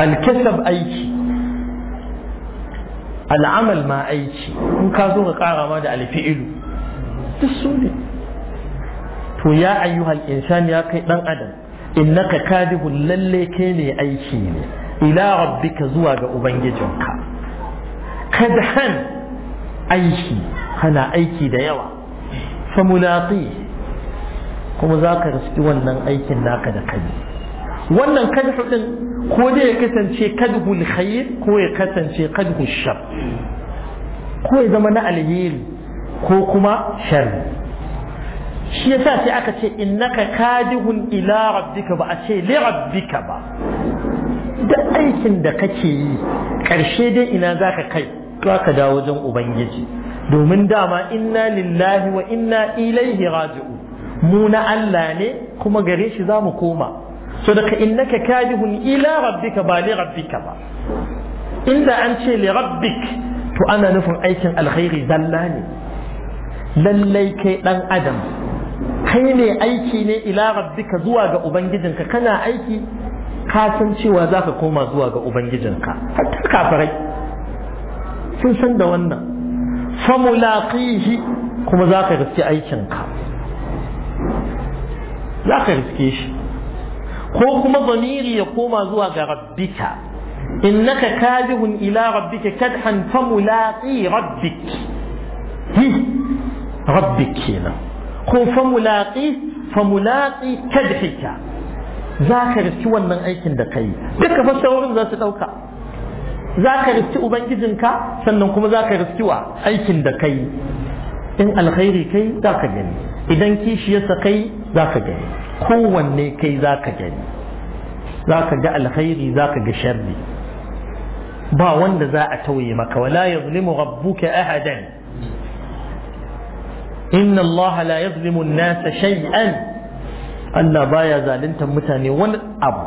الكسب أي al'amal ma aiki in ka zo ka ƙara ma da alfi'ilu duk su ne to ya ayyuhal insan ya kai dan adam innaka kadihun lalle kai ne aiki ne ila rabbika zuwa ga ubangijinka kadhan aiki kana aiki da yawa famulaqi kuma zaka riski wannan aikin naka da kai wannan kadhu din ko dai ya kasance kadhu alkhair ko ya kasance kadhu shar ko ya zama na alheri ko kuma sharri shi yasa sai aka ce innaka kadihun ila rabbika ba a ce li rabbika ba da aikin da kake yi karshe dai ina zaka kai zaka dawo wajen ubangiji domin dama inna lillahi wa inna ilaihi raji'u mu na Allah ne kuma gare shi za mu koma so daga innaka kadihun ila rabbika ba li rabbika ba inda an ce li rabbik to ana nufin aikin alkhairi zalla ne lallai kai dan adam kai ne aiki ne ila rabbika zuwa ga ubangijinka kana aiki ka san cewa za ka koma zuwa ga ubangijinka hatta kafirai sun san da wannan famulaqihi kuma za ka riske aikinka za ka riske shi ko kuma zamiri ya koma zuwa ga rabbika innaka kadihun ila rabbika kadhan famulaqi rabbik hi rabbik kenan ko famulaqi famulaqi kadhika za ka riski wannan aikin da kai duka fassarorin za su ɗauka za ka riski ubangijinka sannan kuma za ka riski wa aikin da kai in alkhairi kai za ka gani idan kishi ya sakai. za ka gani kowanne kai za ka gani za ka ga alkhairi za ka ga sharri ba wanda za a tauye maka wala yazlimu rabbuka ahadan inna Allah la yazlimu an-nasa shay'an Allah baya zaluntar mutane wani abu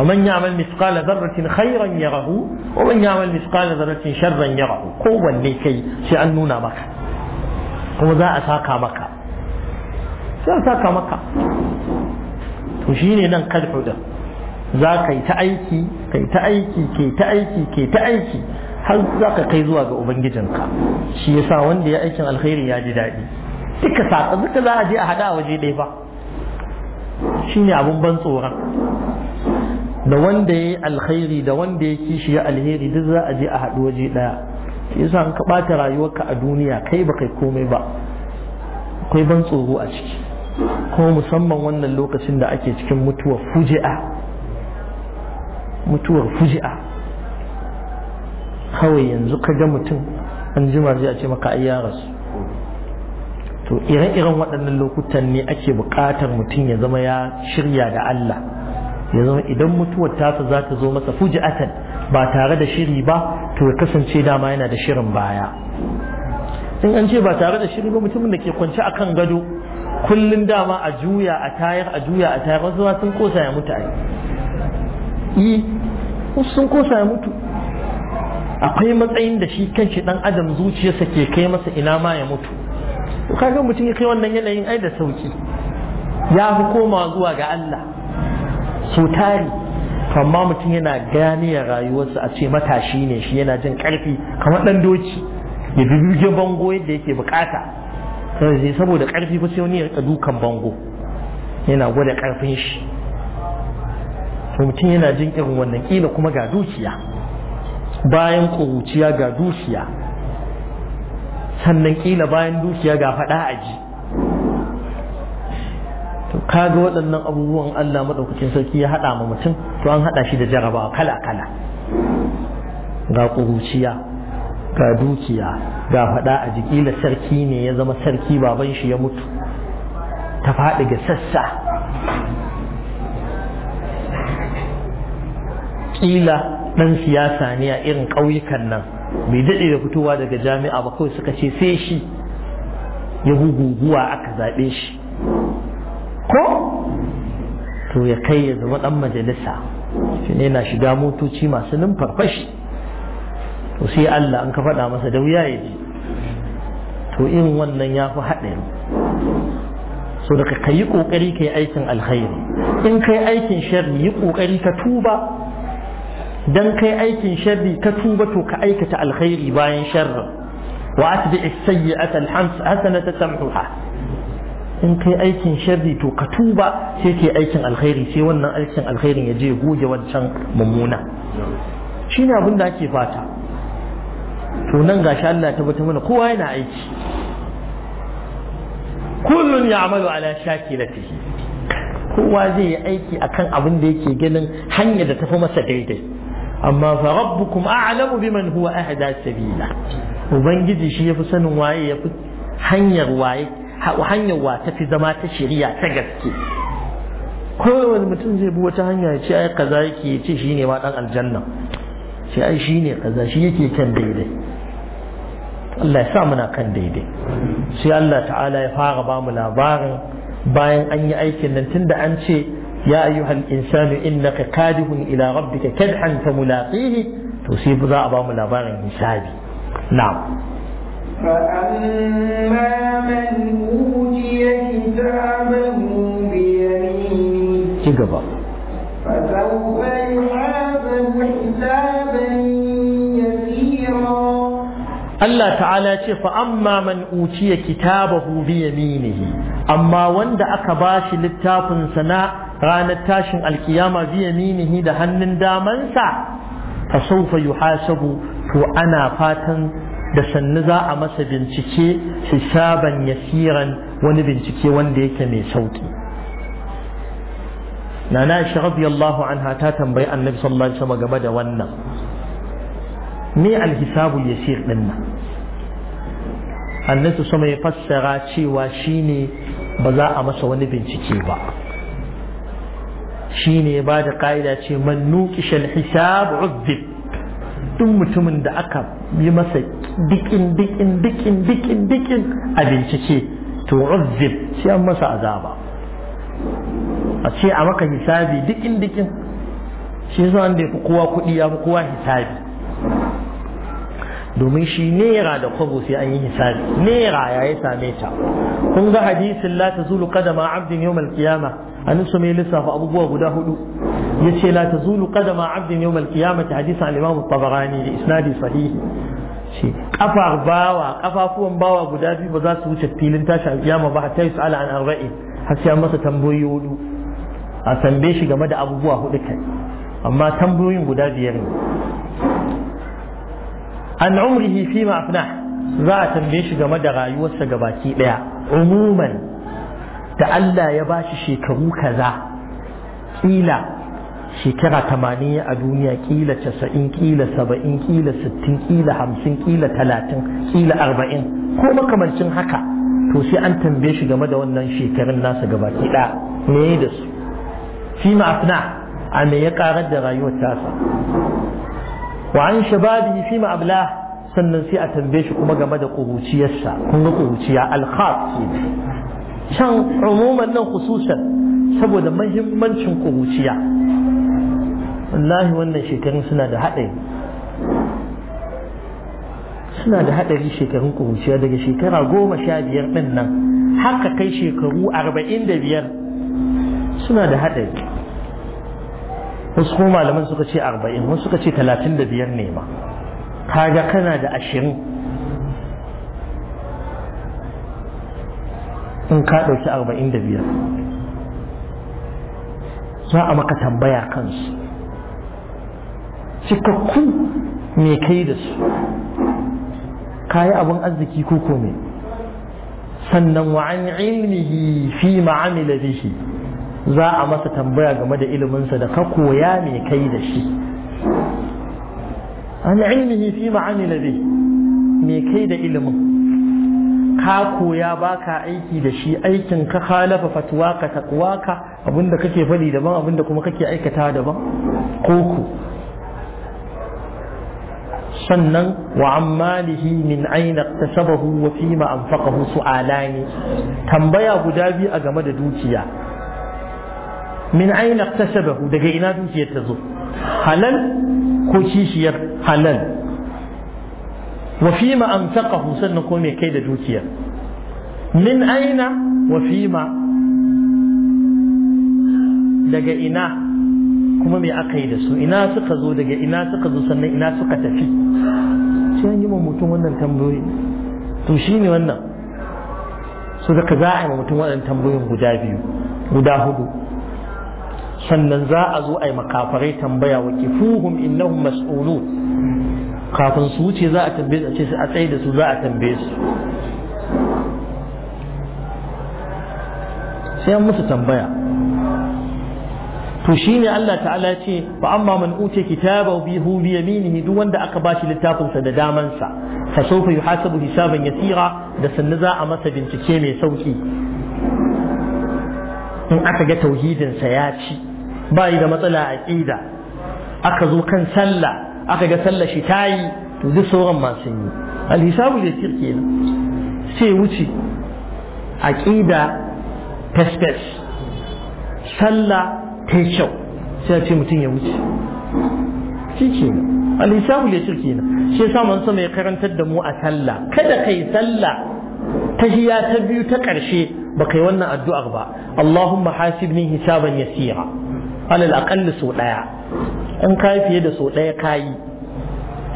ومن يعمل مثقال ذرة خيرا يره ومن يعمل مثقال ذرة شرا يره قوة لكي شأن نونا مكة وذا أساقا مكة sai saka maka to shine nan kadhu da za ka yi ta aiki kai ta aiki ke ta aiki ke ta aiki har za ka kai zuwa ga ubangijinka shi yasa wanda ya aikin alkhairi ya ji daɗi duka saka duka za a je a haɗa a waje ɗaya ba shine abun ban tsoron da wanda ya yi alkhairi da wanda ya kishi ya alheri duk za a je a haɗu waje ɗaya yasa an ka ɓata rayuwarka a duniya kai ba kai komai ba akwai ban tsoro a ciki ko musamman wannan lokacin da ake cikin mutuwar fuji'a mutuwar fuji'a kawai yanzu ka ga mutum an jima zai a ce maka rasu to ire-iren waɗannan lokutan ne ake buƙatar mutum ya zama ya shirya da Allah ya zama idan mutuwar tasa za ta zo masa fuji'atan ba tare da shiri ba to ya kasance dama yana da shirin baya in an ce ba tare da shiri ba mutumin da ke kwance kan gado Kullum dama a juya a tayar a juya a tayar wasu ma sun kosa ya mutu a yi e, wasu sun kosa ya mutu akwai matsayin da shi kan shi dan adam zuciyarsa ke kai masa ina ma ya mutu kaga mutum ya kai wannan yanayin ai da sauki ya fi koma zuwa ga Allah so tari amma mutum yana gane ya rayuwarsa a ce matashi ne shi yana jin karfi kamar dan doki ya bibi bango yadda yake bukata sai zai saboda karfi ko sai wani ya dukan bango yana gwada karfin shi to mutum yana jin irin wannan kila kuma ga dukiya bayan ƙuruciya ga dukiya sannan kila bayan dukiya ga faɗa a ji to kaga waɗannan abubuwan Allah maɗaukacin sarki ya haɗa ma mutum to an haɗa shi da jaraba kala kala ga ƙuruciya ga dukiya ga faɗa a jiki la sarki ne ya zama sarki baban shi ya mutu ta faɗi ga sassa ƙila ɗan siyasa ne a irin ƙauyukan nan bai daɗe da fitowa daga jami'a ba kawai suka ce sai shi ya guguwa aka zaɓe shi ko to ya kai ya zama ɗan majalisa shi ne na shiga motoci masu numfarfashi to sai Allah an ka faɗa masa da wuya ya ji to irin wannan ya fi haɗari so daga ka yi ƙoƙari ka yi aikin alkhairi in ka yi aikin sharri yi ƙoƙari ka tuba dan kai aikin sharri ka tuba to ka aikata alkhairi bayan sharri wa atbi'i sayyi'ata alhasanata tamhuha in kai aikin sharri to ka tuba sai ke aikin alkhairi sai wannan aikin alkhairin ya je goge wancan mummuna shine abin da ake fata to nan gashi Allah ta bata mana kowa yana aiki kullun shaki ala shakilatihi kowa zai yi aiki akan abin da yake ganin hanyar da tafi masa daidai amma fa rabbukum a'lamu biman huwa ahda sabila ubangiji shi yafi sanin waye yafi hanyar waye hanyar wa tafi zama ta shari'a ta gaske kowane mutum zai bi wata hanya ya ce ai kaza yake ya ce shine ma dan aljanna Sai ai shi ne kaza shi yake kan daidai Allah ya sa muna kan daidai sai Allah ta'ala ya fara ba mu labarin bayan an yi aikin nan tunda an ce ya ayyuhal insanu innaka kadihun ila rabbika kadhan fa mulaqihi to sai za a ba mu labarin hisabi na'am فأما من أوتي كتابه بيمينه فسوف يحاسب حسابا يسيرا Allah ta'ala ce fa amma man uciya kitabahu bi yaminihi amma wanda aka bashi littafin sana ranar tashin alkiyama bi yaminihi da hannun damansa fa sawfa yuhasabu to ana fatan da sannu za a masa bincike hisaban yasiran wani bincike wanda yake mai sauki nana rabbi yallahu anha ta tambayi annabi sallallahu alaihi wasallam game da wannan me alhisabul yasir din nan annabi sama ya fassara cewa shine ba za a masa wani bincike ba shine ya bada ka'ida ce man nuƙishan hisab uzib duk mutumin da aka yi masa dikin dikin dikin dikin dikin a bincike to uzib sai an masa azaba a ce a maka hisabi dikin dikin shi yasa wanda yafi kowa kuɗi ya fi kowa hisabi domin shi nera da kwabo sai an yi hisabi nera ya yi same ta kun ga hadisin la tazulu qadama abdin yawmal malkiyama a su mai lissafa abubuwa guda hudu yace la tazulu qadama abdin yawmal qiyamati hadisin al-imam tabarani da isnadi sahihi ce kafar bawa kafafuwan bawa guda biyu ba za su wuce filin tashi alkiyama ba hatta yus'ala an arba'in har sai an masa tambayoyi hudu a tambaye shi game da abubuwa hudu kai amma tambayoyin guda biyar ne an umrihi fi afna za a tambaye shi game da rayuwarsa gabaki daya umuman da Allah ya ba shi shekaru kaza kila shekara tamanin a duniya kila casa'in kila saba'in kila sittin kila hamsin kila talatin kila arba'in ko makamancin haka to sai an tambaye shi game da wannan shekarun nasa gabaki ɗaya ne da su Fima ma'afna a mai ya karar da rayuwar tasa wa an shababi fi ablah sannan sai a tambaye shi kuma game da kuruciyarsa kun ga kuruciya alkhas ke can umuman nan khususan saboda mahimmancin kuruciya wallahi wannan shekarun suna da haɗari suna da haɗari shekarun kuruciya daga shekara goma sha biyar ɗin nan haka kai shekaru arba'in da biyar suna da haɗari wasu kuma malaman suka ce arba'in wasu suka ce talatin da biyar ne ma kaga kana da ashirin in ka ɗauki arba'in da biyar za a maka tambaya kansu cikakku me kai da su kayi abin arziki ko kome sannan wa'an ilmihi fi ma'amila bihi za a masa tambaya game da iliminsa da ka koya mai kai da shi an ilmihi fi ma'ani bi mai kai da ilimin ka koya baka aiki da shi aikin ka halafa fatuwa ka takwa ka abinda kake faɗi daban abinda kuma kake aikata daban koko sannan wa ammalihi min aina tasabahu wa fima anfaqahu su'alani tambaya guda biyu a game da dukiya min aina iktasabahu daga ina dukiyar ta zo halal ko kishiyar halal wa fi ma amsaqahu sannan ko me kai da dukiyar min aina wa fi ma daga ina kuma me aka yi da su ina suka zo daga ina suka zo sannan ina suka tafi sai an yi ma mutum wannan tambayoyi to shine wannan su daga za a yi ma mutum wannan tambayoyin guda biyu guda hudu sannan za a zo a yi makafarai tambaya wa kifuhum innahum mas'ulu kafin su wuce za a tambaye su a ce a tsaye da su za a tambaye su sai an musu tambaya to shine Allah ta'ala ce fa amma man uce kitaba bi hu bi yaminihi duk wanda aka bashi littafin sa da daman sa fa sawfa yuhasabu hisaban yasira da sanna za a masa bincike mai sauki in aka ga tauhidin sa ya ci ba yi da matsala a ƙida aka zo kan sallah aka ga sallah shi ta yi to duk sauran masu yi alhisabu da sir na sai wuce a ƙida fesfes sallah ta yi kyau sai ce mutum ya wuce shi kenan alhisabu da sir kenan shi yasa mun sama ya karantar da mu a sallah kada kai sallah ta tahiya ta biyu ta ƙarshe ba kai wannan addu'ar ba Allahumma hasibni hisaban yasira alal aqalli sau ɗaya in kai fiye da sau daya kai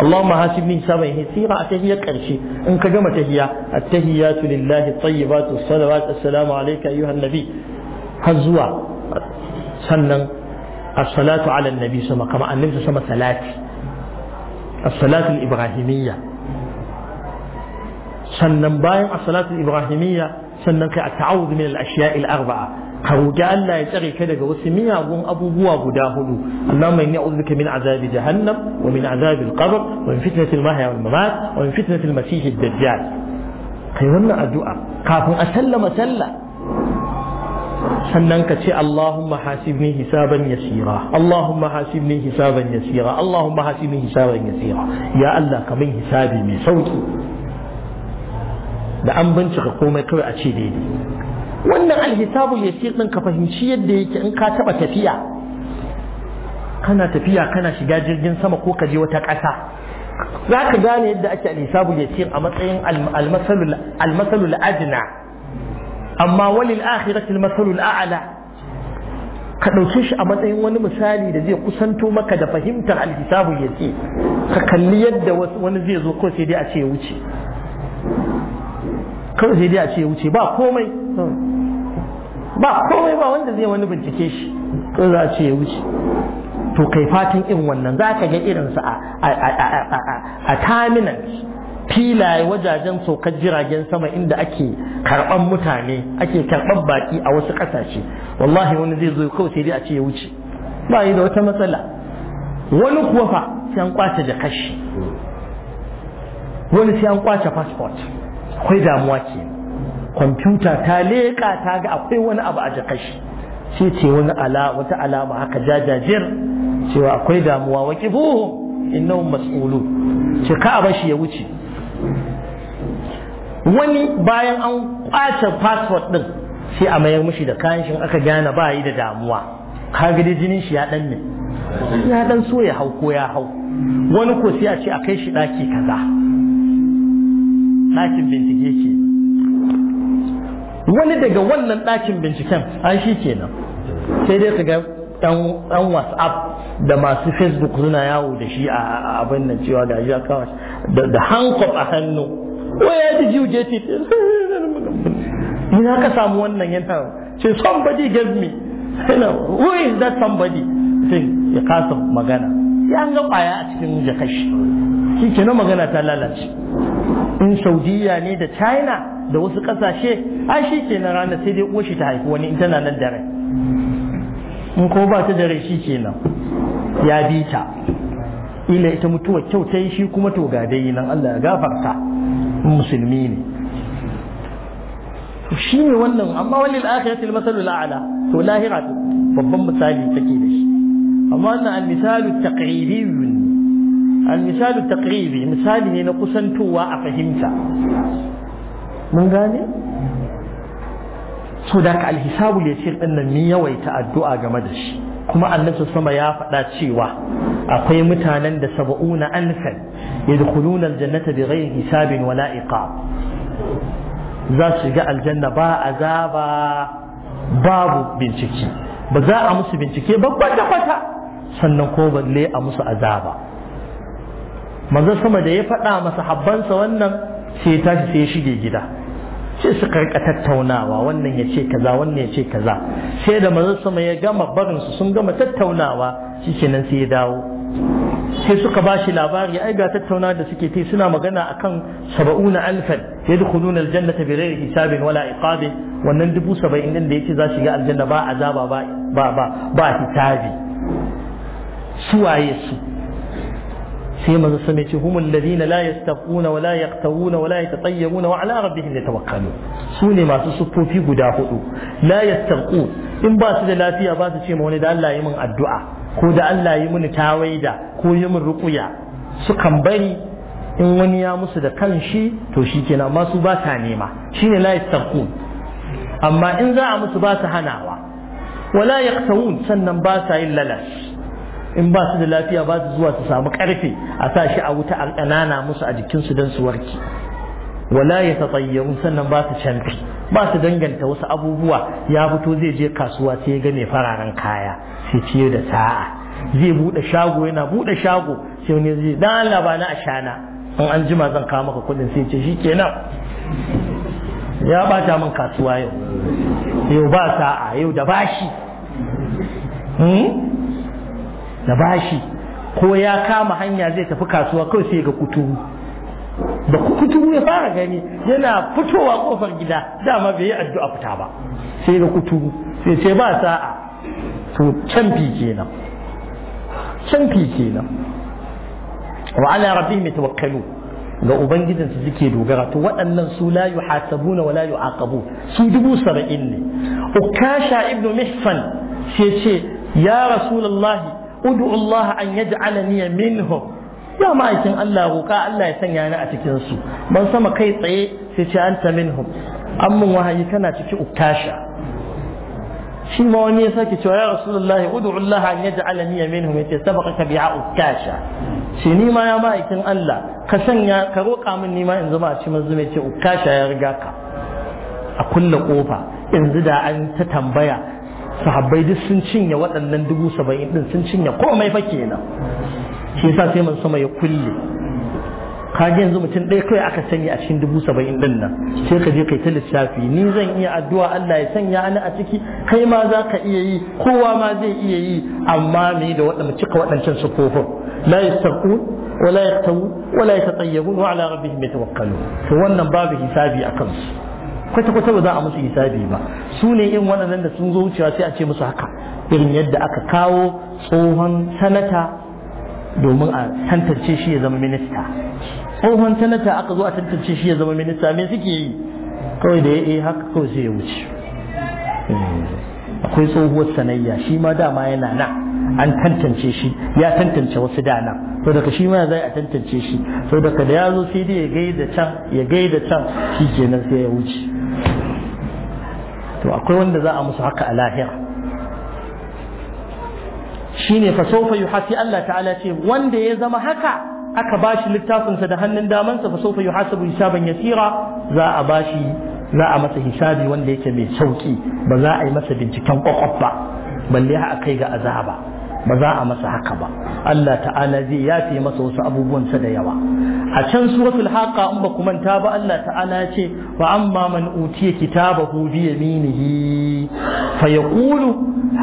Allahumma hasibni hisaban hisira a tahiyar karshe in ka gama tahiya at-tahiyyatu lillahi tayyibatu salawat assalamu alayka ayyuhan nabi har zuwa sannan as-salatu ala nabi sama kama annabi sama salati as-salatu ibrahimiyya sannan bayan a salatun ibrahimiyya sannan kai a taawudh min al arbaa ka roƙi Allah ya tsare ka daga wasu miyagun abubuwa guda hudu Allahumma inni a'udhuka min azabi jahannam wa min azabil qabr wa min fitnatil mahya wal mamat wa min fitnatil masih ad-dajjal kai wannan addu'a kafin a sallama sallah sannan ka ce Allahumma hasibni hisaban yasira Allahumma hasibni hisaban yasira Allahumma hasibni hisaban yasira ya Allah ka min hisabi mai sauki da an bincika komai kawai a ce daidai wannan ya ce ɗin ka fahimci yadda yake in ka taɓa tafiya kana tafiya kana shiga jirgin sama ko ka je wata ƙasa za ka gane yadda ake ya ce a matsayin almasalul adna amma walil akhirati almasalul a'la ka ɗauki shi a matsayin wani misali da zai kusanto maka da fahimtar ya ce, ka kalli yadda wani zai zo kawai sai dai a ce ya wuce kawai sai dai a ce ya wuce ba komai ba komai ba wanda zai wani bincike shi to za ce ya wuce to kai fatan in wannan za ka ga irinsa a terminal filaye wajajen saukar jiragen sama inda ake karban mutane ake karban baƙi a wasu ƙasashe wallahi wani zai zo kawai sai dai a ce ya wuce ba yi da wata matsala wani kuwa fa sai an kwace kashi, wani sai an kwace passport akwai damuwa kenan kwamfuta ta leƙa ta ga akwai wani abu a jaka shi sai ce wani ala wata alama haka jajajir cewa akwai damuwa wa kifuhu innahum mas'ulu ce ka a shi ya wuce wani bayan an kwace passport din sai a mayar mishi da kayan shin aka gane ba yi da damuwa ka dai jinin shi ya dan ne ya dan so ya hau ko ya hau wani ko sai a ce a kai shi daki kaza ɗakin bincike wani daga wannan ɗakin binciken an shi kenan sai dai ka ga ɗan whatsapp da masu facebook suna yawo da shi a abin nan cewa ga shi kawai da hankop a hannu waya da jiwu je ce ina ka samu wannan yana ce somebody gave me who is that somebody sai ya kasa magana ya ga kwaya a cikin jakashi shi ke magana ta lalace in saudiya ne da china da wasu kasashe a shi ke na ranar sai dai uwashi ta haifi wani in tana nan da in ko ba ta dare shi ke nan ya bi ta ila ita mutuwa kyau ta yi shi kuma to ga dai nan Allah ya gafarta musulmi ne shi ne wannan amma wani al'akhiratul masalul a'la to lahira babban misali take da shi amma wannan al-misalu taqribiyun Al'misali misalu misali ne na kusantowa a fahimta mun gane so da ka alhisabu ya ce ɗin nan ni yawaita addu'a game da shi kuma annabi sama ya faɗa cewa akwai mutanen da saba'una alfan yadkhuluna aljannata bighayri hisabin wala iqab za su shiga aljanna ba azaba babu bincike ba za a musu bincike babban da kwata sannan ko balle a musu azaba manzo sama da ya faɗa masa habbansa wannan sai ya tashi sai ya shige gida sai suka rika tattaunawa wannan ya ce kaza wannan ya ce kaza sai da manzo sama ya gama barin su sun gama tattaunawa shikenan sai ya dawo sai suka ba shi labari ai ga tattauna da suke ta suna magana akan saba'una alfan yadkhuluna aljannata bighairi hisabin wala iqabin wannan dubu saba'in din da ce za shiga aljanna ba azaba ba ba ba ba hisabi suwaye su sai manzo sun ce humul ladina la yastaquna wa la yaqtawuna wa la yatatayyabuna wa ala rabbihim yatawakkalun su ne masu sufofi guda hudu la yastaqu in ba su da lafiya ba su ce ma wani da Allah yi min addu'a ko da Allah yi mini tawaida ko yi min ruqya sukan bari in wani ya musu da kan shi to shi kenan amma su ba ta nema shine la amma in za a musu ba su hanawa wala yaqtawun sannan ba sa yin lalas in ba su da lafiya ba su zuwa su samu karfe a sa shi a wuta a ƙanana musu a jikinsu don su warke wala ya tsayyarun sannan ba su canfi ba su danganta wasu abubuwa ya fito zai je kasuwa sai ya ga fararen kaya sai ciye da sa'a zai buɗe shago yana buɗe shago sai wani zai dan Allah ba na ashana in an jima zan kawo maka kuɗin sai ce shikenan ya bata min kasuwa yau yau ba sa'a yau da bashi hmm? da bashi ko ya kama hanya zai tafi kasuwa kawai sai ga kuturu da kuturu ya fara gani yana fitowa kofar gida dama bai yi addu'a fita ba sai ga kuturu sai sai ba sa'a to canfi kenan canfi kenan wa ala rabbihim yatawakkalu ga ubangijinsu suke dogara to waɗannan su la yuhasabuna wa la yuaqabu su dubu saba'in ne ukasha ibnu mihsan sai ce ya rasulullahi ud'u ya an yaj'alani minhum ya ma'aikin Allah roƙa Allah ya sanya ni a cikinsu. ban sama kai tsaye sai ce anta minhum amma wahayi kana ciki uktasha shi ma wani ya sake cewa ya ya ud'u Allah an yaj'alani minhum yace sabaqaka bi'a uktasha shi ni ma ya ma'aikin Allah ka sanya ka roƙa min ni ma in zama a cikin zuma ya ce uktasha ya riga ka a kulle kofa yanzu da an ta tambaya sahabbai duk sun cinye waɗannan dubu saba'in din sun cinye komai fa kenan shi yasa sai man sama ya kulle kaji yanzu mutum ɗaya kawai aka sanya a cikin dubu saba'in din nan sai ka je kai ta lissafi ni zan iya addu'a Allah ya sanya ni a ciki kai ma za ka iya yi kowa ma zai iya yi amma me da waɗanda cika waɗancan sufofin la yastaqun wala yaktawu wala yatayyabun wa ala rabbihim yatawakkalun to wannan babu hisabi akan su kwata-kwata ba za a musu hisabi ba su ne in waɗannan da sun zo wucewa sai a ce musu haka irin yadda aka kawo tsohon sanata domin a tantance shi ya zama minista tsohon sanata aka zo a tantance shi ya zama minista me suke yi kawai da ya yi eh, haka kawai sai ya wuce eh, akwai tsohuwar sanayya shi ma dama yana nan an tantance shi ya tantance wasu dana to daga shi ma zai a tantance shi to daga da ya zo sai dai ya gaida can ya gaida can shi kenan sai ya wuce to akwai wanda za a musu haka a lahira shi ne fasofa yi hasi Allah ta'ala ce wanda ya zama haka aka ba shi littafinsa da hannun damansa fasofa sawfa yuhasabu hisaban yasira za a ba shi za a masa hisabi wanda yake mai sauki ba za a yi masa binciken kwakwaf ba balle a kai ga azaba ba za a masa haka ba Allah ta'ala zai yafe masa wasu abubuwansa da yawa a can suratul haqa in ba kuma ta ba Allah ta'ala ya ce wa amma man utiya kitabahu bi yaminihi fa yaqulu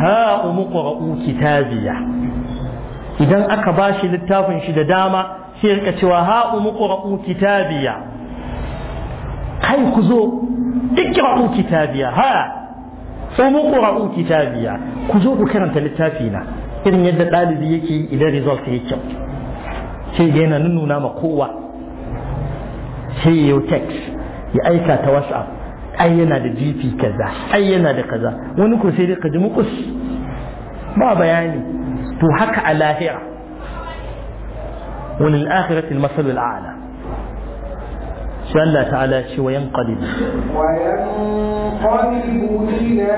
ha umqra'u kitabiya idan aka bashi littafin shi da dama sai rika cewa ha umqra'u kitabiya kai ku zo ikra'u kitabiya ha umqra'u kitabiya ku zo ku karanta littafina irin yadda ɗalibi yake yi idan result ya kyau sai da yana nuna ma kowa sai ya yi text ya aika ta whatsapp ai yana da gp kaza ai yana da kaza wani ko sai dai ka ji mukus ba bayani to haka a lahira wani al'akhiratul masalul a'la shi Allah ta'ala ce wa yanqalib wa yanqalib ila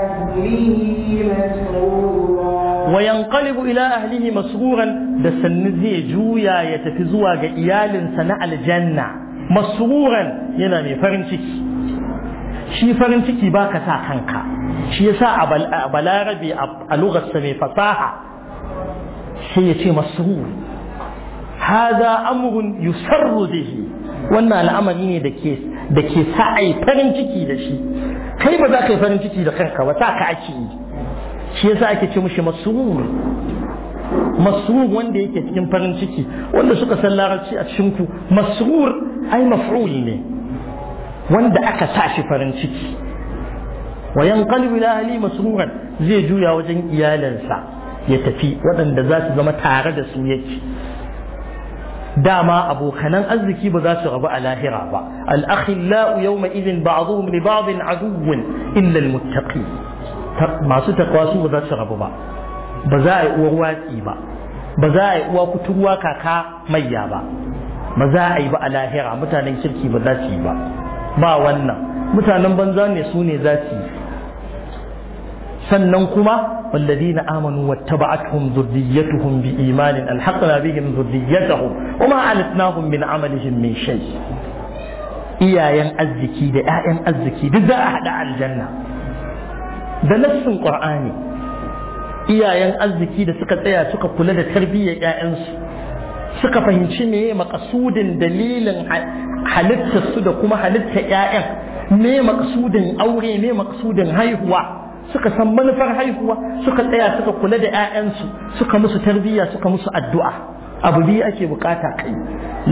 ahlihi masrur wa yanqalibu ila ahlihi masruran da sannu zai juya ya tafi zuwa ga iyalinsa na aljanna masruran yana mai farin ciki shi farin ciki baka sa kanka shi yasa a balarabe a lugarsa mai fasaha sai ya ce masrur hada Amurin yusarru bihi wannan al'amari ne da ke sa farin ciki da shi kai ba za ka yi farin ciki da kanka ba sa ka ake yi shi yasa ake ce mushi masrur masrur wanda yake cikin farin ciki wanda suka san larabci a cikin ku masrur ai maf'ul ne wanda aka sa shi farin ciki wa yanqalibu ila ahli masruran zai juya wajen iyalansa ya tafi waɗanda za su zama tare da su yake dama abokanan arziki ba za su rabu a lahira ba al-akhillau yawma idhin ba'dhum li ba'dhin aduwwun illa al-muttaqin masu takwa su ba za su rabu ba ba za a yi uwar watsi ba ba za a yi uwa kuturwa kaka mayya ba ba za a yi ba a lahira mutanen kirki ba za su yi ba ba wannan mutanen banza ne su ne za su yi sannan kuma والذين آمنوا واتبعتهم ذريتهم بإيمان ألحقنا بهم ذريتهم وما علتناهم من عملهم من شيء iyayen arziki da ‘ya'yan arziki duk za a haɗa aljanna da nassin qur'ani iyayen arziki da suka tsaya suka kula da tarbiyyar ƴaƴansu suka fahimci me maqasudin dalilin halittar su da kuma halittar ƴaƴan me maqasudin aure me maqasudin haihuwa suka san manufar haihuwa suka tsaya suka kula da ƴaƴansu suka musu tarbiyya suka musu addu'a abu biyu ake bukata kai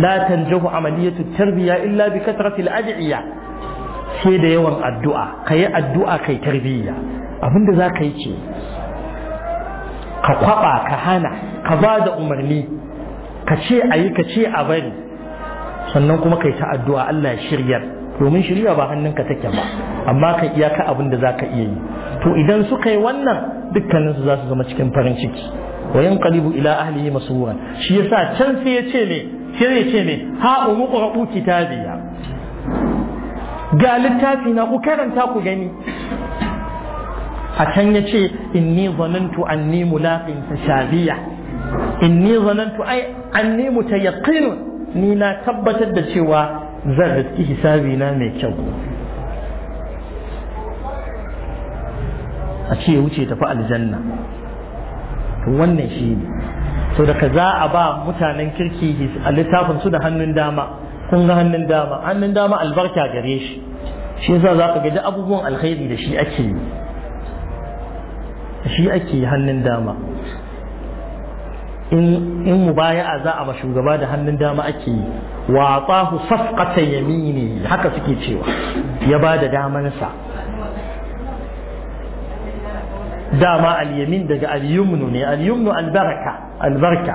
la tanjahu amaliyatu tarbiya illa bi katratil ad'iya sai da yawan addu'a ka yi addu'a kai tarbiyya abinda za ka yi ce ka kwaba ka hana ka ba da umarni ka ce a yi ka ce a bari sannan kuma kai ta addu'a Allah shiryar domin shirya ba hannunka take ba amma ka iyaka abin da za ka iya yi to idan suka yi wannan dukkaninsu za su zama cikin farin ciki Wayan yanqalibu ila ahlihi masuwan shi yasa can sai ya ce me sai ya ce ne ha umqra'u kitabiya ga littafi na ku karanta ku gani a can ya ce inni zanantu anni mulaqin tashabiya inni zanantu ai anni mutayaqqinun ni na tabbatar da cewa zan riski hisabi na mai kyau a ce wuce tafi aljanna wannan shi ne so daga za a ba mutanen kirki a littafin su da hannun dama kun ga hannun dama hannun dama albarka gare shi shi yasa za ka ga abubuwan alkhairi da shi ake yi shi ake hannun dama in a za a ma shugaba da hannun dama ake yi watsahu tsahu safqata yamini haka suke cewa ya ba da damansa dama al-yamin daga al-yumnu ne al-yumnu al-baraka al-baraka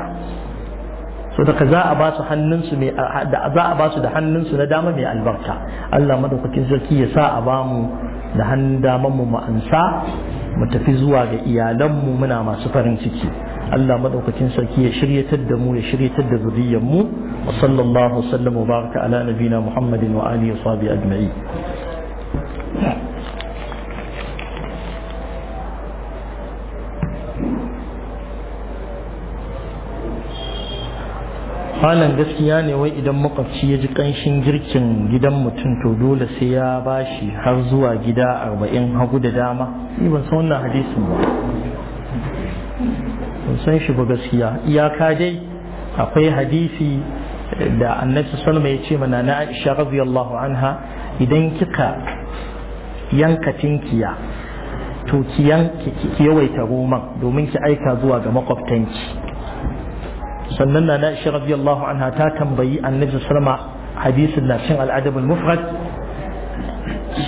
so daga za a ba su hannunsu mai za a ba su da hannunsu na dama mai albarka Allah madaukakin sarki ya sa a ba mu da hannun daman mu ma'ansa mu tafi zuwa ga iyalanmu muna masu farin ciki Allah madaukakin sarki ya shiryatar da mu ya shiryatar da zuriyar mu wa sallallahu wa baraka ala nabina Muhammadin wa alihi wa sahbihi ajma'in malam gaskiya ne wai idan makwabci ya ji kanshin girkin gidan mutum to dole sai ya bashi har zuwa gida arba'in hagu da dama ni ban san wannan hadisin ba ban san shi ba gaskiya iyaka dai akwai hadisi da annabi salma ya ce mana na aisha radiyallahu anha idan kika yanka tinkiya to ki yawaita roman domin ki aika zuwa ga makwabtanki sannan na Aisha radiyallahu anha ta tambayi Annabi sallama hadisin na cin al al-mufrad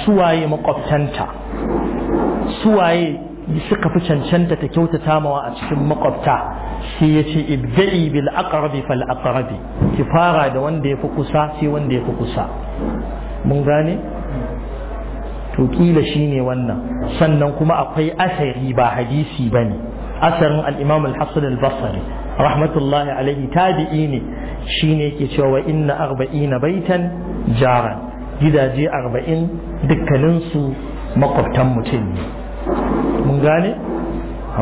suwaye makwabtanta suwaye suka fi cancanta ta kyautata mawa a cikin makwabta sai ya ce ibda'i bil aqrabi fal aqrabi ki fara da wanda yafi kusa sai wanda yafi kusa mun gane to kila shine wannan sannan kuma akwai asari ba hadisi bane asarin al-imam al-hasan al-basri rahmatullahi alaihi tabi'i ne shine yake cewa wa inna arba'ina baitan jaran gidaje arba'in dukkanin su makwabtan mutum ne mun gane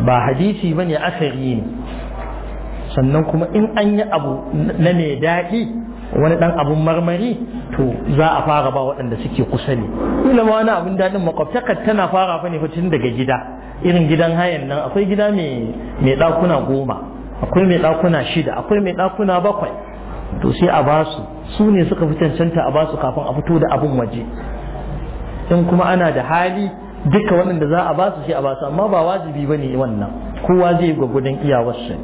ba hadisi bane asari ne sannan kuma in an yi abu na mai daɗi wani ɗan abun marmari to za a fara ba waɗanda suke kusa ne. ilama ma wani abun daɗin makwabtakar tana fara fa ne tun daga gida. irin gidan hayan nan akwai gida mai ɗakuna goma akwai mai ɗakuna shida akwai mai ɗakuna bakwai to sai a basu su ne suka fi cancanta a basu kafin a fito da abin waje in kuma ana da hali duka waɗanda za a basu sai a basu amma ba wajibi ba ne wannan kowa zai gwagwadon wasu.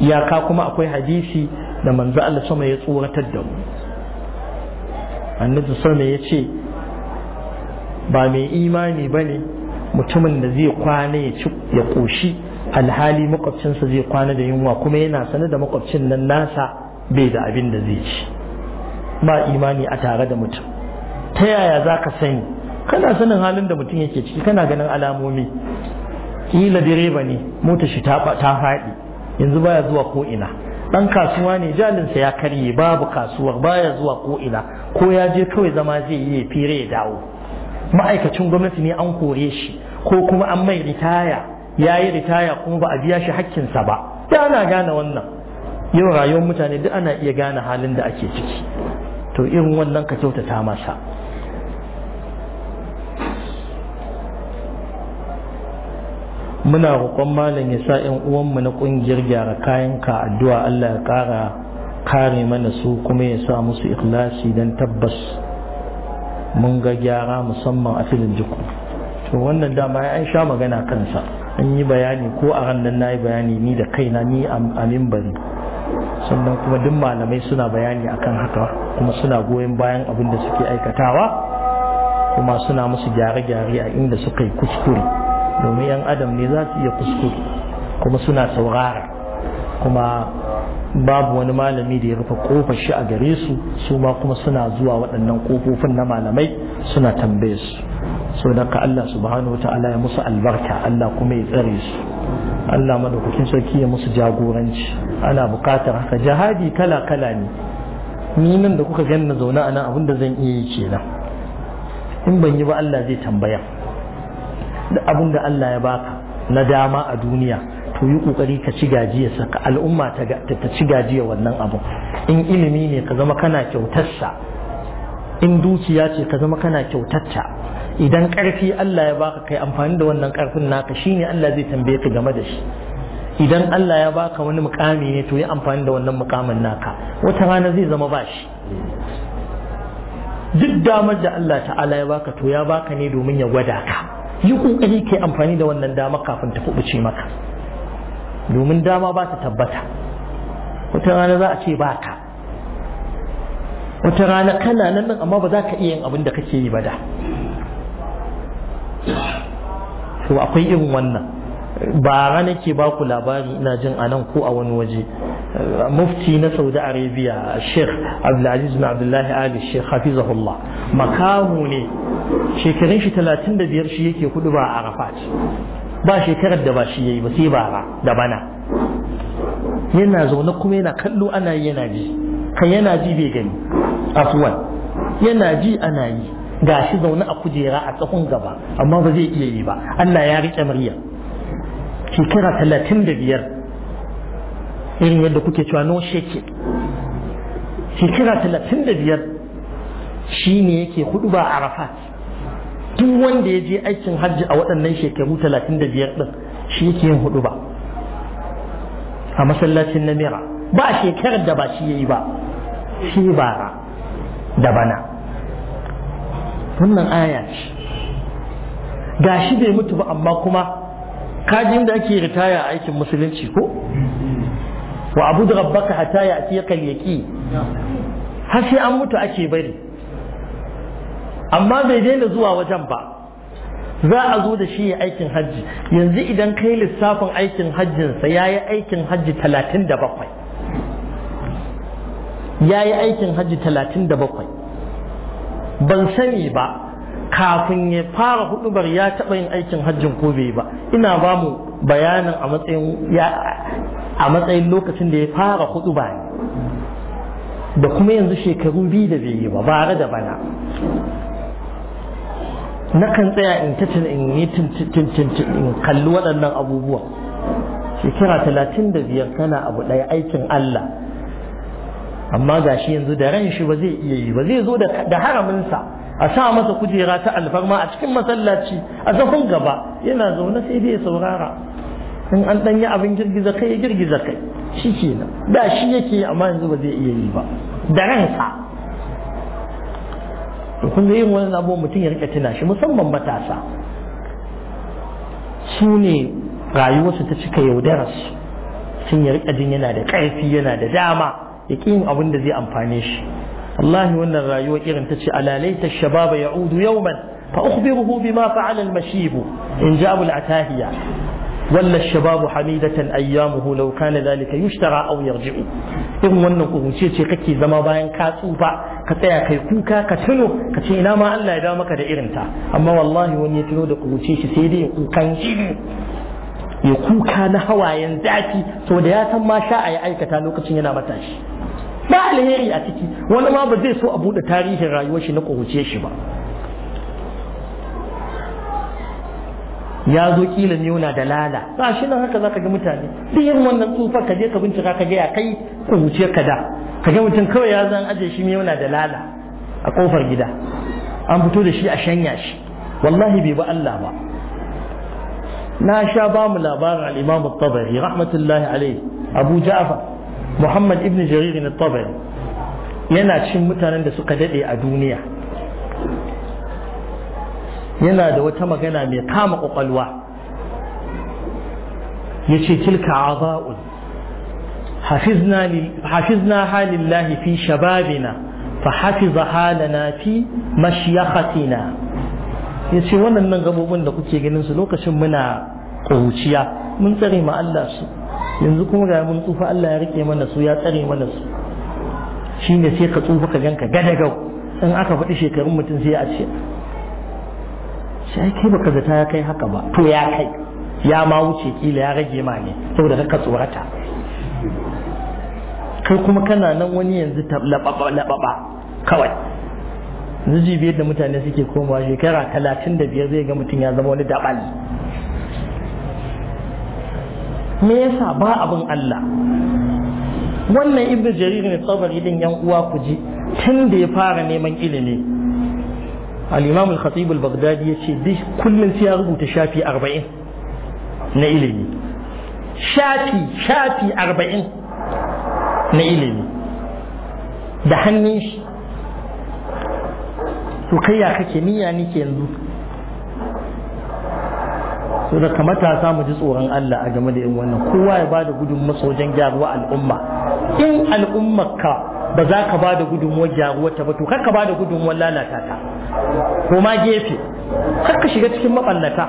iyaka kuma akwai hadisi da manzo Allah sama ya tsoratar da mu annabi sama ya ce ba mai imani ba ne mutumin da zai kwana ya ci ya koshi alhali makwabcinsa zai kwana da yunwa kuma yana sanar da makwabcin nan nasa bai da abin da zai ci ba imani a tare da mutum ta yaya za ka sani kana sanin halin da mutum yake ciki kana ganin alamomi kila direba ne mota shi ta faɗi yanzu baya zuwa ko ina dan kasuwa ne jalinsa ya karye babu kasuwar baya zuwa ko ina ko ya je kawai zama zai yi fire ya dawo ma'aikacin gwamnati ne an kore shi ko kuma an mai ritaya ya yi ritaya kuma ba a biya shi hakkinsa ba da ana gane wannan yau rayuwar mutane duk ana iya gane halin da ake ciki to irin wannan ka kyautata masa muna roƙon malam ya sa ƴan uwanmu na ƙungiyar gyara kayan ka addu'a Allah ya ƙara kare mana su kuma ya sa musu ikhlasi don tabbas mun ga gyara musamman a filin jiku to wannan dama ya sha magana kansa an yi bayani ko a ran na yi bayani ni da kaina ni a mimbari sannan kuma duk malamai suna bayani akan haka kuma suna goyon bayan abin da suke aikatawa kuma suna musu gyare-gyare a inda suka yi kuskure domin 'yan adam ne za su iya kuskure kuma suna saurara kuma babu wani malami da ya rufe kofar shi a gare su su ma kuma suna zuwa waɗannan kofofin na malamai suna tambaye su so da ka Allah subhanahu wa ta'ala ya musu albarka Allah kuma ya tsare su Allah madaukakin sarki ya musu jagoranci ana buƙatar haka jihadi kala kala ne ni nan da kuka ganna zaune a nan abin da zan iya yi kenan in ban yi ba Allah zai tambaya da abin da Allah ya baka na dama a duniya to yi kokari ka ci gajiya saka al'umma ta ci gajiya wannan abu in ilimi ne ka zama kana kyautarsa in dukiya ce ka zama kana kyautarta idan karfi Allah ya baka kai amfani da wannan karfin naka shine Allah zai tambaye ka game da shi idan Allah ya baka wani mukami ne to yi amfani da wannan mukamin naka wata rana zai zama bashi duk damar da Allah ta'ala ya baka to ya baka ne domin ya gwada ka yi kokari kai amfani da wannan dama kafin ta kubuce maka domin dama ba ta tabbata wata rana za a ce ba ka wata rana kana nan nan amma ba za ka iya yin abin da kake yi ba da to akwai irin wannan ba rana ke ba ku labari ina jin a nan ko a wani waje mufti na saudi arabia sheikh abdulaziz bin abdullahi ali sheikh hafizahullah makamu ne shekarun shi talatin da biyar shi yake kudu ba a arafat ba shekarar da ba shi yayi ba sai bara da bana yana zaune kuma yana kallo ana yi yana ji kan yana ji bai gani afwan yana ji ana yi shi zaune a kujera a tsakon gaba amma ba zai iya yi ba Allah ya rike murya shekara talatin irin yadda kuke cewa no shake shekara talatin da shi ne yake hudu ba arafat duk wanda ya je aikin hajji a waɗannan shekaru 35 din shi yake yin hudu ba a masallacin namira ba shekarar da ba shi yayi ba shi bara da bana wannan aya ce shi bai mutu ba amma kuma kajin da ake ritaya a aikin musulunci ko wa abu da rabbaka hata ya ake yaki har sai an mutu ake bari amma bai daina zuwa wajen ba za a zo da shi ya aikin hajji yanzu idan kai lissafin aikin hajjinsa ya yi aikin hajji talatin ya yi aikin hajji talatin ban sani ba kafin ya fara hudubar ya taɓa yin aikin hajjin ko bai ba ina ba mu bayanin a matsayin lokacin da ya fara hudu ne da kuma yanzu shekaru biyu da bai yi ba bare da bana na kan tsaya in ta in yi in kalli waɗannan abubuwa shekara talatin da biyar kana abu ɗaya aikin Allah amma ga shi yanzu da ran shi ba zai iya yi ba zai zo da haraminsa a sa masa kujera ta alfarma a cikin masallaci a zafin gaba yana zaune sai dai saurara in an ɗan yi abin girgiza kai ya girgiza kai shi kenan da shi yake amma yanzu ba zai iya yi ba da ransa to kun yin wani abu mutum ya rika tuna shi musamman matasa su ne rayuwarsu ta cika yaudararsu sun ya rika jin yana da ƙarfi yana da dama ya ƙi abun abin da zai amfane shi wallahi wannan rayuwa irin ta ce alalaita shababa ya'udu yawman fa ukhbiruhu bima fa'ala al-mashib in ja abul atahiya walla shababu hamidatan ayyamuhu law kana ta yushtara aw yarji'u Irin wannan kuruce ce kake zama bayan ka tsufa ka tsaya kai kuka ka tuno ka ce ina ma Allah ya da maka da irin ta amma wallahi wani ya tuno da kuruce shi sai dai kukan shi ya kuka na hawayen zafi saboda ya san ma sha a yi aikata lokacin yana matashi ba alheri a ciki wani ma ba zai so a buɗe tarihin rayuwar shi na kuruce shi ba ya zo kila ne yana da lala ba shi nan haka zaka ga mutane duk irin wannan tsufa ka je ka bincika ka ga ya kai kuruciyar ka da ka ga mutum kawai ya zan aje shi yana da lala a kofar gida an fito da shi a shanya shi wallahi bai ba Allah ba na sha ba mu labarin al-Imam at-Tabari rahmatullahi alayhi Abu Ja'far Muhammad ibn Jarir at-Tabari yana cin mutanen da suka dade a duniya yana da wata magana mai kama kwakwalwa ya ce tilka aza'un hafizna halillahi fi shababina fa hafiza halana fi mashiyakhatina ya ce waɗannan gabobin da kuke ganin su lokacin muna ƙuruciya mun tsare ma Allah su yanzu kuma ga mun tsufa Allah ya rike mana su ya tsare mana su shine sai ka tsufa ka ganka gadagau in aka faɗi shekarun mutum sai a ce sai ba kai baka zata ya kai haka ba to ya kai ya ma wuce kila ya rage ma ne saboda ka tsorata kai kuma kana nan wani yanzu laɓaɓa kawai zuji biyar da mutane suke komawa shekara talatin da biyar zai ga mutum ya zama wani daɓal me yasa ba abin Allah wannan ibnu jarir ne tsabar idan yan uwa ku ji tun da ya fara neman ilimi al-imam al-khatib al-baghdadi yace duk kullun sai ya rubuta shafi 40 na ilimi shafi shafi 40 na ilimi da hannun shi to kai ya kake niyya nike yanzu so da kamata sa mu ji tsoron Allah a game da yin wannan kowa ya bada gudunmawa wajen gyaruwa al'umma in al'ummarka ba za ka bada gudunmawar gyaruwa ta ba to kar ka bada gudunmawar lalata ta koma gefe ka shiga cikin maballata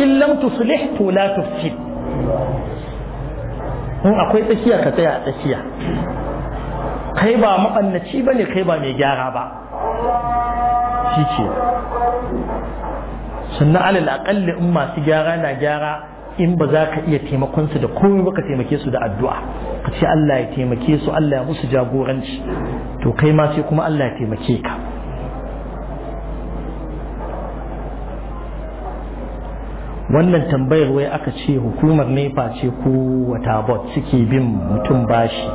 in lam tuslih to la tufsid in akwai tsakiya ka tsaya a tsakiya kai ba mabannaci bane kai ba mai gyara ba shi ce sannan alal aƙalli in masu gyara na gyara in ba za ka iya taimakon su da komai ba ka taimake su da addu'a ka ce Allah ya taimake su Allah ya musu jagoranci to kai ma sai kuma Allah ya taimake ka wannan tambayar wai aka ce hukumar nefa ce ko wata bot suke bin mutum bashi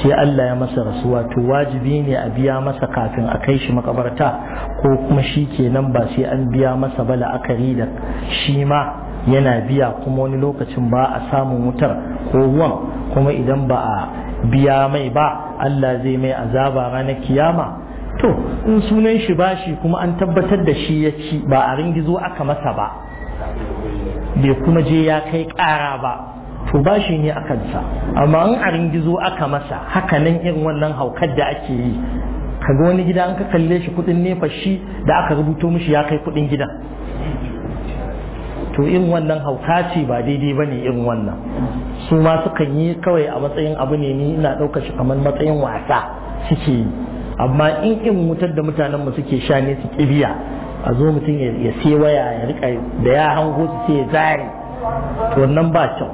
sai Allah ya masa rasuwa to wajibi ne a biya masa kafin a kai shi makabarta ko kuma shi kenan ba sai an biya masa ba la'akari da shi ma yana biya kuma wani lokacin ba a samun wutar ko ruwan kuma idan ba a biya mai ba Allah zai mai azaba ranar kiyama to in sunan shi bashi kuma an tabbatar da shi ya ci ba a ringizo aka masa ba bai kuma je ya kai ƙara ba to bashi ne a kansa amma in a ringizo aka masa haka nan irin wannan haukar da ake yi kaga wani gida an ka kalle shi kuɗin nefa shi da aka rubuto mishi ya kai kuɗin gida. to in wannan hauka ce ba daidai ba ne in wannan su ma sukan yi kawai a matsayin abu ne ni ina ɗaukar shi kamar matsayin wasa suke yi amma in in wutar da mutanen mu suke sha ne su kibiya a zo mutum ya sai waya ya rika da ya hango su sai ya zare to nan ba kyau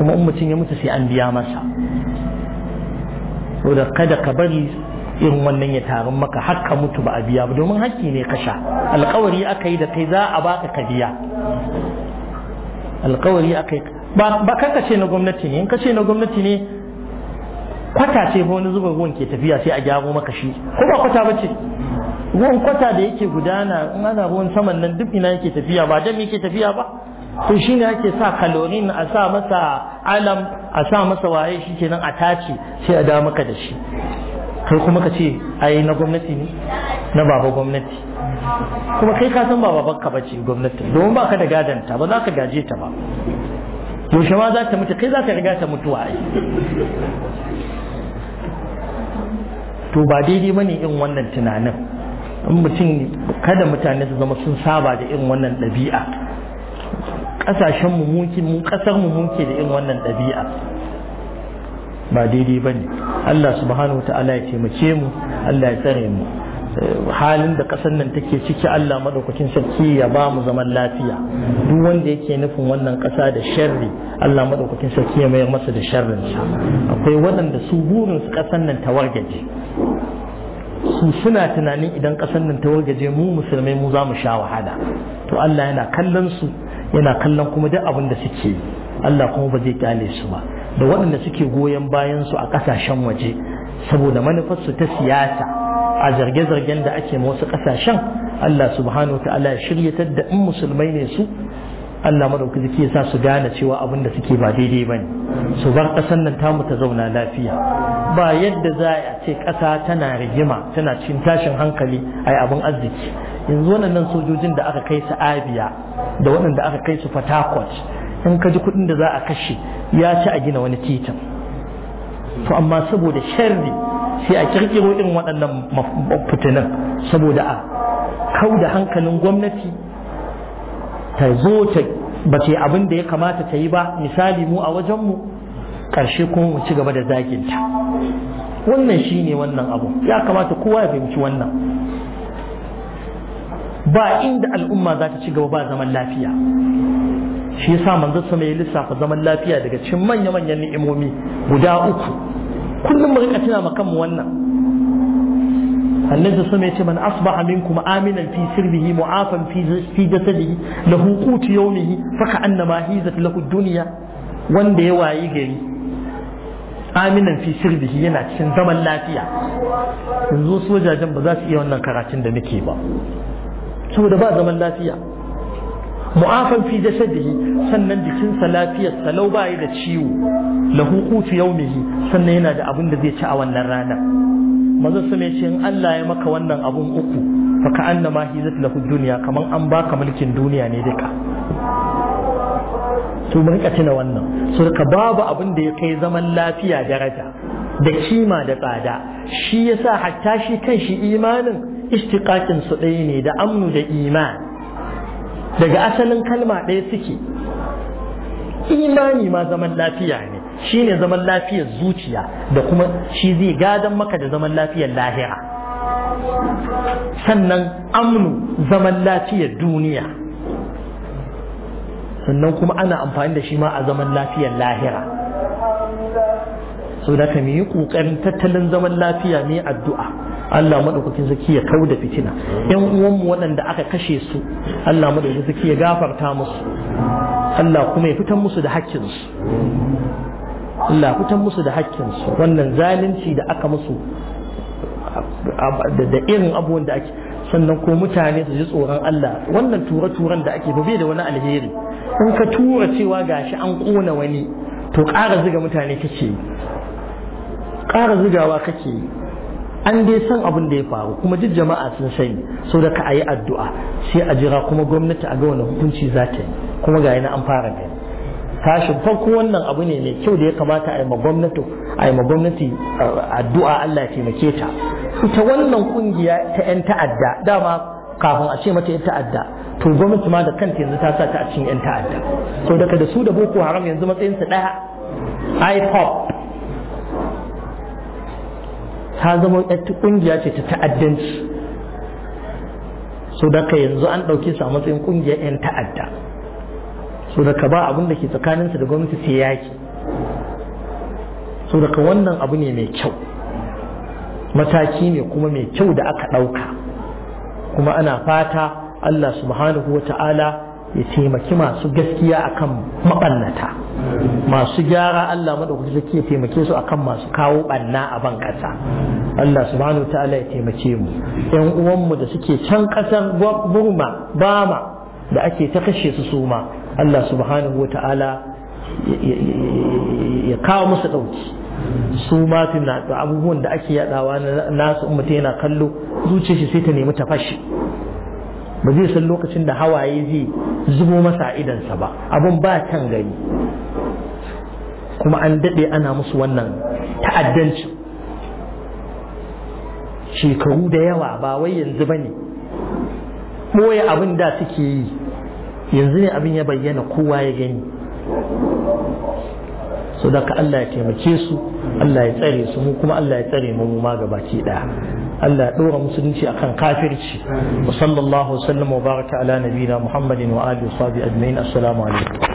kuma in mutum ya mutu sai an biya masa to da kada ka bari irin wannan ya taru maka haka mutu ba a biya ba domin hakki ne ka sha aka yi da kai za a baka ka biya alƙawari aka yi ba ka ce na gwamnati ne in kace na gwamnati ne kwata ce ko wani zuba ruwan ke tafiya sai a gyaro maka shi ko ba kwata bace ruwan kwata da yake gudana in ana ruwan saman nan duk ina yake tafiya ba dan yake tafiya ba to shi ne ake sa kalorin a sa masa alam a sa masa waye shi kenan a tace sai a da maka da shi kai kuma ka ce ai na gwamnati ne na baba gwamnati kuma kai ka san baba ka ba ce gwamnati domin ba ka da gadanta ba za ka gaje ta ba yaushe ma za ta mutu kai za ta riga ta mutuwa ai to ba daidai ba ne in wannan tunanin in mutum kada mutane su zama sun saba da irin wannan ɗabi'a ƙasashen mu muke mu ƙasar mu da irin wannan ɗabi'a ba daidai ba ne Allah subhanahu wa ta'ala ya taimake mu Allah ya tsare mu halin da ƙasar nan take ciki Allah maɗaukacin sarki ya ba mu zaman lafiya duk wanda yake nufin wannan kasa da sharri Allah maɗaukakin sarki ya mayar masa da sharrin sa akwai waɗanda su burin su ƙasar nan ta wargaje su suna tunanin idan ƙasar nan ta wargaje mu musulmai mu za mu sha wahala to Allah yana kallon su yana kallon kuma duk abin da suke Allah kuma ba zai kyale su ba da waɗanda suke goyon bayansu a ƙasashen waje saboda manufar su ta siyasa a zarge-zargen da ake ma wasu ƙasashen Allah subhanahu ta'ala ya shiryatar da in musulmai ne su Allah Suki ya sa su gane cewa abin da suke ba daidai ba ne su bar ƙasar nan tamu ta zauna lafiya ba yadda za a ce ƙasa tana rigima tana cin tashin hankali ai abin arziki yanzu waɗannan sojojin da aka kai su Abia da waɗanda aka kai su Fatakwat in ka ji kuɗin da za a kashe ya ci a gina wani titin to amma saboda sharri sai a kirkiro irin waɗannan fitinan saboda a kau da hankalin gwamnati ta zo ta bace abin da ya kamata ta yi ba misali mu a wajenmu ƙarshe kuma mu ci gaba da zaginta wannan shi ne wannan abu ya kamata kowa ya fahimci wannan ba inda al'umma za ta ci gaba ba zaman lafiya shi yasa manzo sa ya lissafa zaman lafiya daga cikin manya-manyan ni'imomi guda uku kullum mu rika tuna makan mu wannan annabi sama ce man asbaha minkum aminan fi sirbihi mu'afan fi fi jasadihi lahu qutu yawmihi fa ka annama hizat lahu dunya wanda ya wayi gari aminan fi sirbihi yana cikin zaman lafiya yanzu sojajen ba za su iya wannan karatun da muke ba saboda ba zaman lafiya mu'afan fi jasadihi sannan jikinsa lafiyar salau ba da ciwo lahu qutu yaumihi sannan yana da abin da zai ci a wannan rana manzo su mai ce in Allah ya maka wannan abun uku fa ka annama hizat lahu dunya kaman an baka mulkin duniya ne duka to mun rika tuna wannan su rika babu abin da ya kai zaman lafiya daraja da kima da tsada shi yasa hatta shi kan shi imanin istiqaqin su ɗaya ne da amnu da iman daga asalin kalma ɗaya suke imani ma zaman lafiya ne shi ne zaman lafiyar zuciya da kuma shi zai gadon maka da zaman lafiyar lahira sannan amnu zaman lafiyar duniya sannan kuma ana amfani da shi ma a zaman lafiyar lahira so da ka yi ƙoƙarin tattalin zaman lafiya ne addu'a Allah madaukakin saki ya kau da fitina yan uwanmu waɗanda aka kashe su Allah madaukakin saki ya gafarta musu Allah kuma ya fitan musu da haƙƙinsu Allah fitan musu da haƙƙinsu wannan zalunci da aka musu da irin abubuwan da ake sannan ko mutane su ji tsoron Allah wannan tura-turan da ake bai da wani alheri in ka tura cewa gashi an ƙona wani to ƙara ziga mutane kake ƙara zigawa kake an dai san abin da ya faru kuma duk jama'a sun sani so da ka ayi addu'a sai a jira kuma gwamnati a ga wani hukunci za ta yi kuma ga yana an fara gani tashin farko wannan abu ne mai kyau da ya kamata a yi ma gwamnati a yi ma gwamnati uh, addu'a Allah ya taimake ta ita wannan kungiya ta yan ta'adda dama kafin a ce mata yan ta'adda to gwamnati ma da kanta yanzu ta sa ta a cikin yan ta'adda so daga da su da boko haram yanzu matsayin su daya ipop ta zama kungiya ce ta ta'addanci so daga yanzu an ɗauke su a matsayin kungiyar 'yan ta'adda so daga ba abin da ke tsakaninsu da gwamnati sai yaki so daga wannan abu ne mai kyau mataki ne kuma mai kyau da aka ɗauka kuma ana fata Allah subhanahu wa ta'ala ya taimaki masu gaskiya akan mabannata masu gyara Allah madaukaki zaki ya taimake su akan masu kawo banna a ban kasa Allah subhanahu ta'ala ya taimake mu yan uwanmu da suke can kasar Burma Bama da ake ta kashe su suma Allah subhanahu wa ta'ala ya kawo musu dauki su ma abubuwan da ake yadawa nasu mutum yana kallo zuce shi sai ta nemi ta fashe ba zai san lokacin da hawaye zai zubo masa idansa ba abun ba kan gani kuma an daɗe ana musu wannan ta'addanci shekaru da yawa ba wai yanzu ba ne ɓoye abin da suke yi yanzu ne abin ya bayyana kowa ya gani so da ka Allah ya taimake su Allah ya tsare su mu kuma Allah ya tsare mu ma gabaki daya Allah ya dora musulunci akan kafirci wa sallallahu alaihi wa baraka ala nabiyina Muhammadin wa alihi wa sahbihi ajma'in assalamu alaikum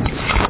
Thank you.